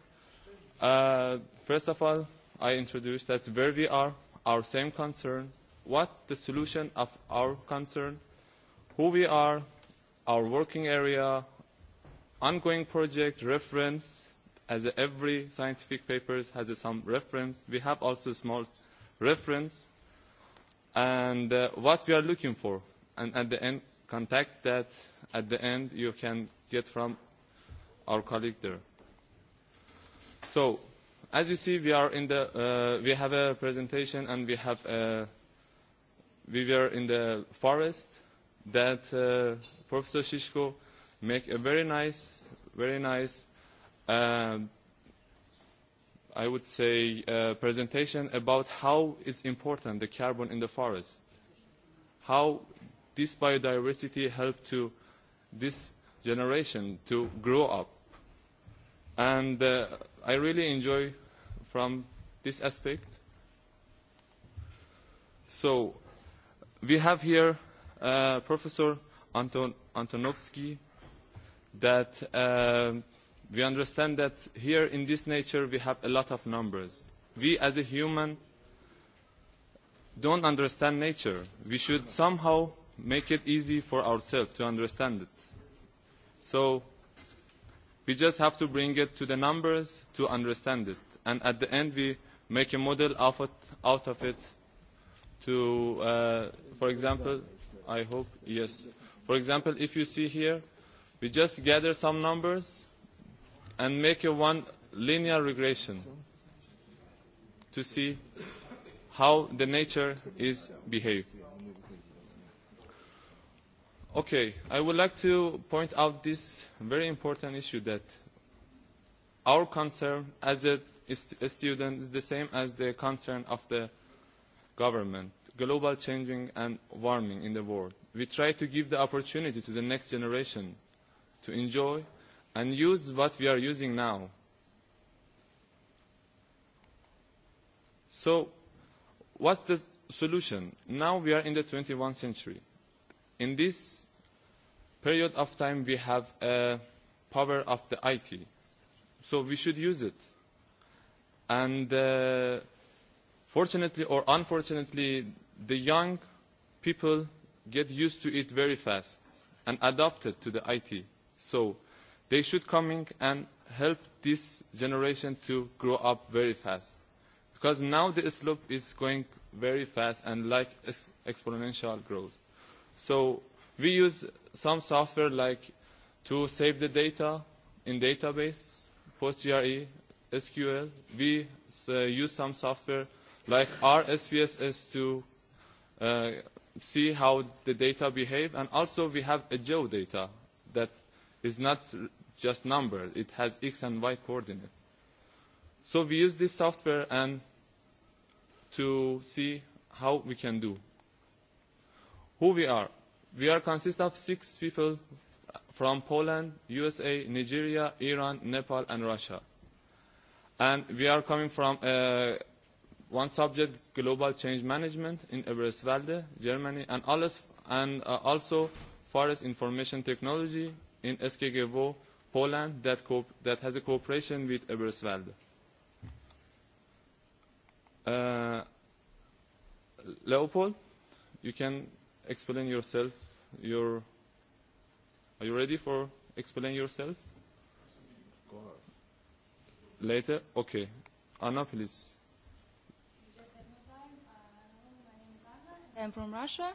uh, first of all, I introduced that where we are, our same concern, what the solution of our concern, who we are, our working area, ongoing project, reference, as every scientific paper has some reference. We have also small reference. And uh, what we are looking for, and at the end, contact that at the end you can get from our colleague there. So, as you see, we are in the, uh, we have a presentation and we have, a, uh, we were in the forest that uh, Professor Shishko make a very nice, very nice, uh, I would say, uh, presentation about how it's important the carbon in the forest, how this biodiversity helped to this generation to grow up. And uh, I really enjoy from this aspect. So we have here uh, Professor Anton Antonovsky that uh, we understand that here in this nature we have a lot of numbers. We as a human don't understand nature. We should somehow make it easy for ourselves to understand it. So we just have to bring it to the numbers to understand it. And at the end we make a model of it, out of it to, uh, for example, I hope, yes. For example, if you see here, we just gather some numbers and make a one linear regression to see how the nature is behaved. Okay, I would like to point out this very important issue that our concern as a, a student is the same as the concern of the government, global changing and warming in the world we try to give the opportunity to the next generation to enjoy and use what we are using now. So what's the solution? Now we are in the 21st century. In this period of time, we have a uh, power of the IT. So we should use it. And uh, fortunately or unfortunately, the young people get used to it very fast and adapt it to the IT. So they should come in and help this generation to grow up very fast. Because now the slope is going very fast and like exponential growth. So we use some software like to save the data in database, PostGRE, SQL. We uh, use some software like RSVSS to uh, see how the data behave. And also we have a geodata that is not just number. It has X and Y coordinate. So we use this software and to see how we can do. Who we are? We are consist of six people from Poland, USA, Nigeria, Iran, Nepal, and Russia. And we are coming from a one subject, global change management in Eberswalde, Germany, and, alles, and uh, also forest information technology in SKGVO, Poland, that, co that has a cooperation with Eberswalde. Uh, Leopold, you can explain yourself. Your, are you ready for explain yourself? Later? Okay. Anna, please. I'm from Russia,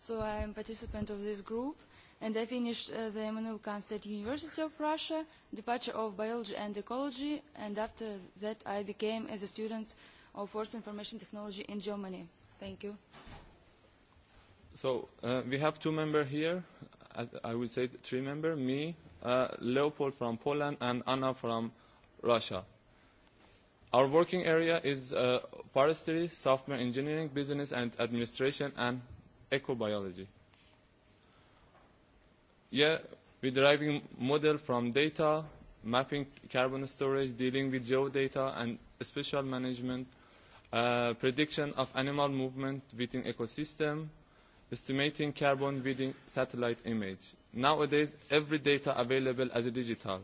so I am participant of this group. And I finished uh, the Emmanuel Kant State University of Russia, departure of biology and ecology, and after that I became as a student of forced information technology in Germany. Thank you. So uh, we have two members here. I, I would say three members, me, uh, Leopold from Poland, and Anna from Russia. Our working area is uh, forestry, software engineering, business and administration, and ecobiology. Yeah, we're deriving model from data, mapping carbon storage, dealing with geodata and spatial management, uh, prediction of animal movement within ecosystem, estimating carbon within satellite image. Nowadays, every data available as a digital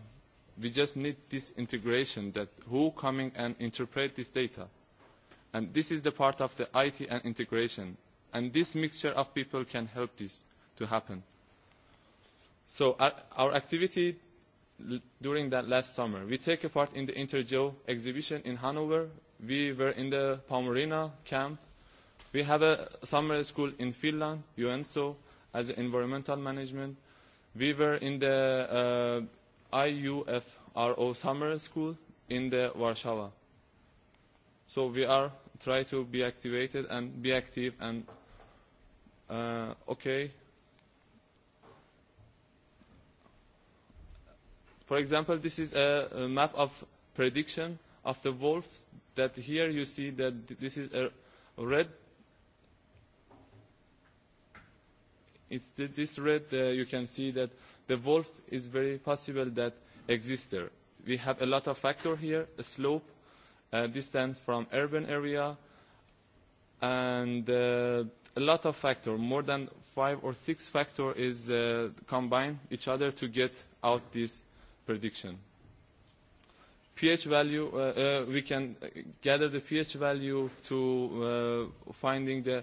we just need this integration that who coming and interpret this data and this is the part of the IT and integration and this mixture of people can help this to happen so our, our activity during that last summer we take a part in the intergeo exhibition in hanover we were in the palmarina camp we have a summer school in finland uenso as environmental management we were in the uh, IUFRO summer school in the Warsaw. So we are try to be activated and be active and uh, okay. For example, this is a, a map of prediction of the wolves that here you see that this is a red it's the, this red uh, you can see that the wolf is very possible that exists there. We have a lot of factor here, a slope, uh, distance from urban area, and uh, a lot of factor, more than five or six factor is uh, combined each other to get out this prediction. pH value, uh, uh, we can gather the pH value to uh, finding the uh,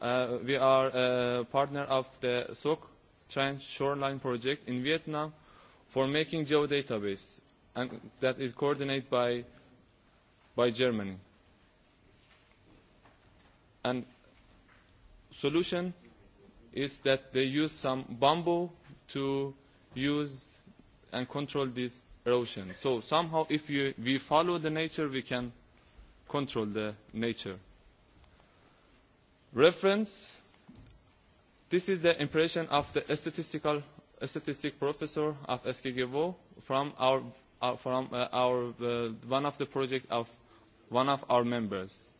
Uh, we are a partner of the Sok Trench Shoreline Project in Vietnam for making geodatabase and that is coordinated by, by Germany. And solution is that they use some bamboo to use and control this erosion. So somehow if you, we follow the nature, we can control the nature. Reference. This is the impression of the statistical statistic professor of SKGVO from our uh, from uh, our uh, one of the project of one of our members.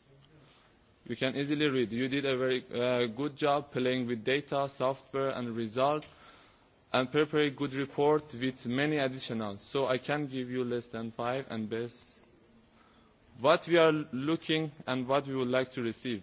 You can easily read. You did a very uh, good job playing with data, software, and result, and prepare a good report with many additional. So I can give you less than five and best. What we are looking and what we would like to receive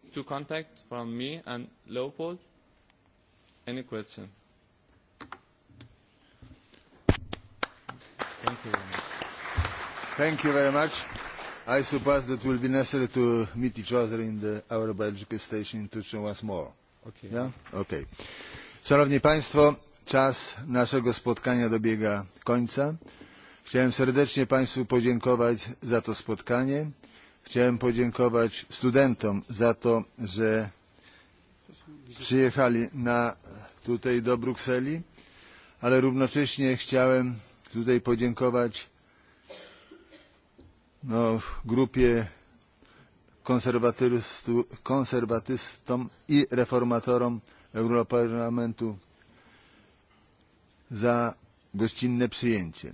two contacts from me and Leopold. Any question? Thank you very much. Thank you very much. I suppose that will be necessary to meet each other in the aerobiological station in Tucson once more. Okay. Yeah? Okay. Szanowni Państwo, czas naszego spotkania dobiega końca. Chciałem serdecznie Państwu podziękować za to spotkanie Chciałem podziękować studentom za to, że przyjechali na, tutaj do Brukseli, ale równocześnie chciałem tutaj podziękować no, grupie konserwatystom i reformatorom Europarlamentu za gościnne przyjęcie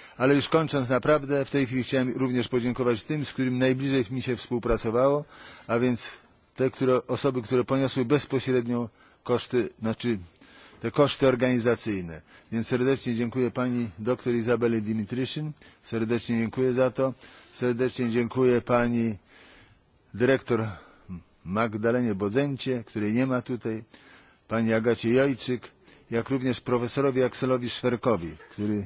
ale już kończąc naprawdę w tej chwili chciałem również podziękować tym z którymi najbliżej mi się współpracowało a więc te które, osoby które poniosły bezpośrednio koszty znaczy te koszty organizacyjne. Więc serdecznie dziękuję pani dr Izabeli Dimitryshin, serdecznie dziękuję za to, serdecznie dziękuję pani dyrektor Magdalenie Bodzencie, której nie ma tutaj, pani Agacie Jojczyk, jak również profesorowi Akselowi Szwerkowi, który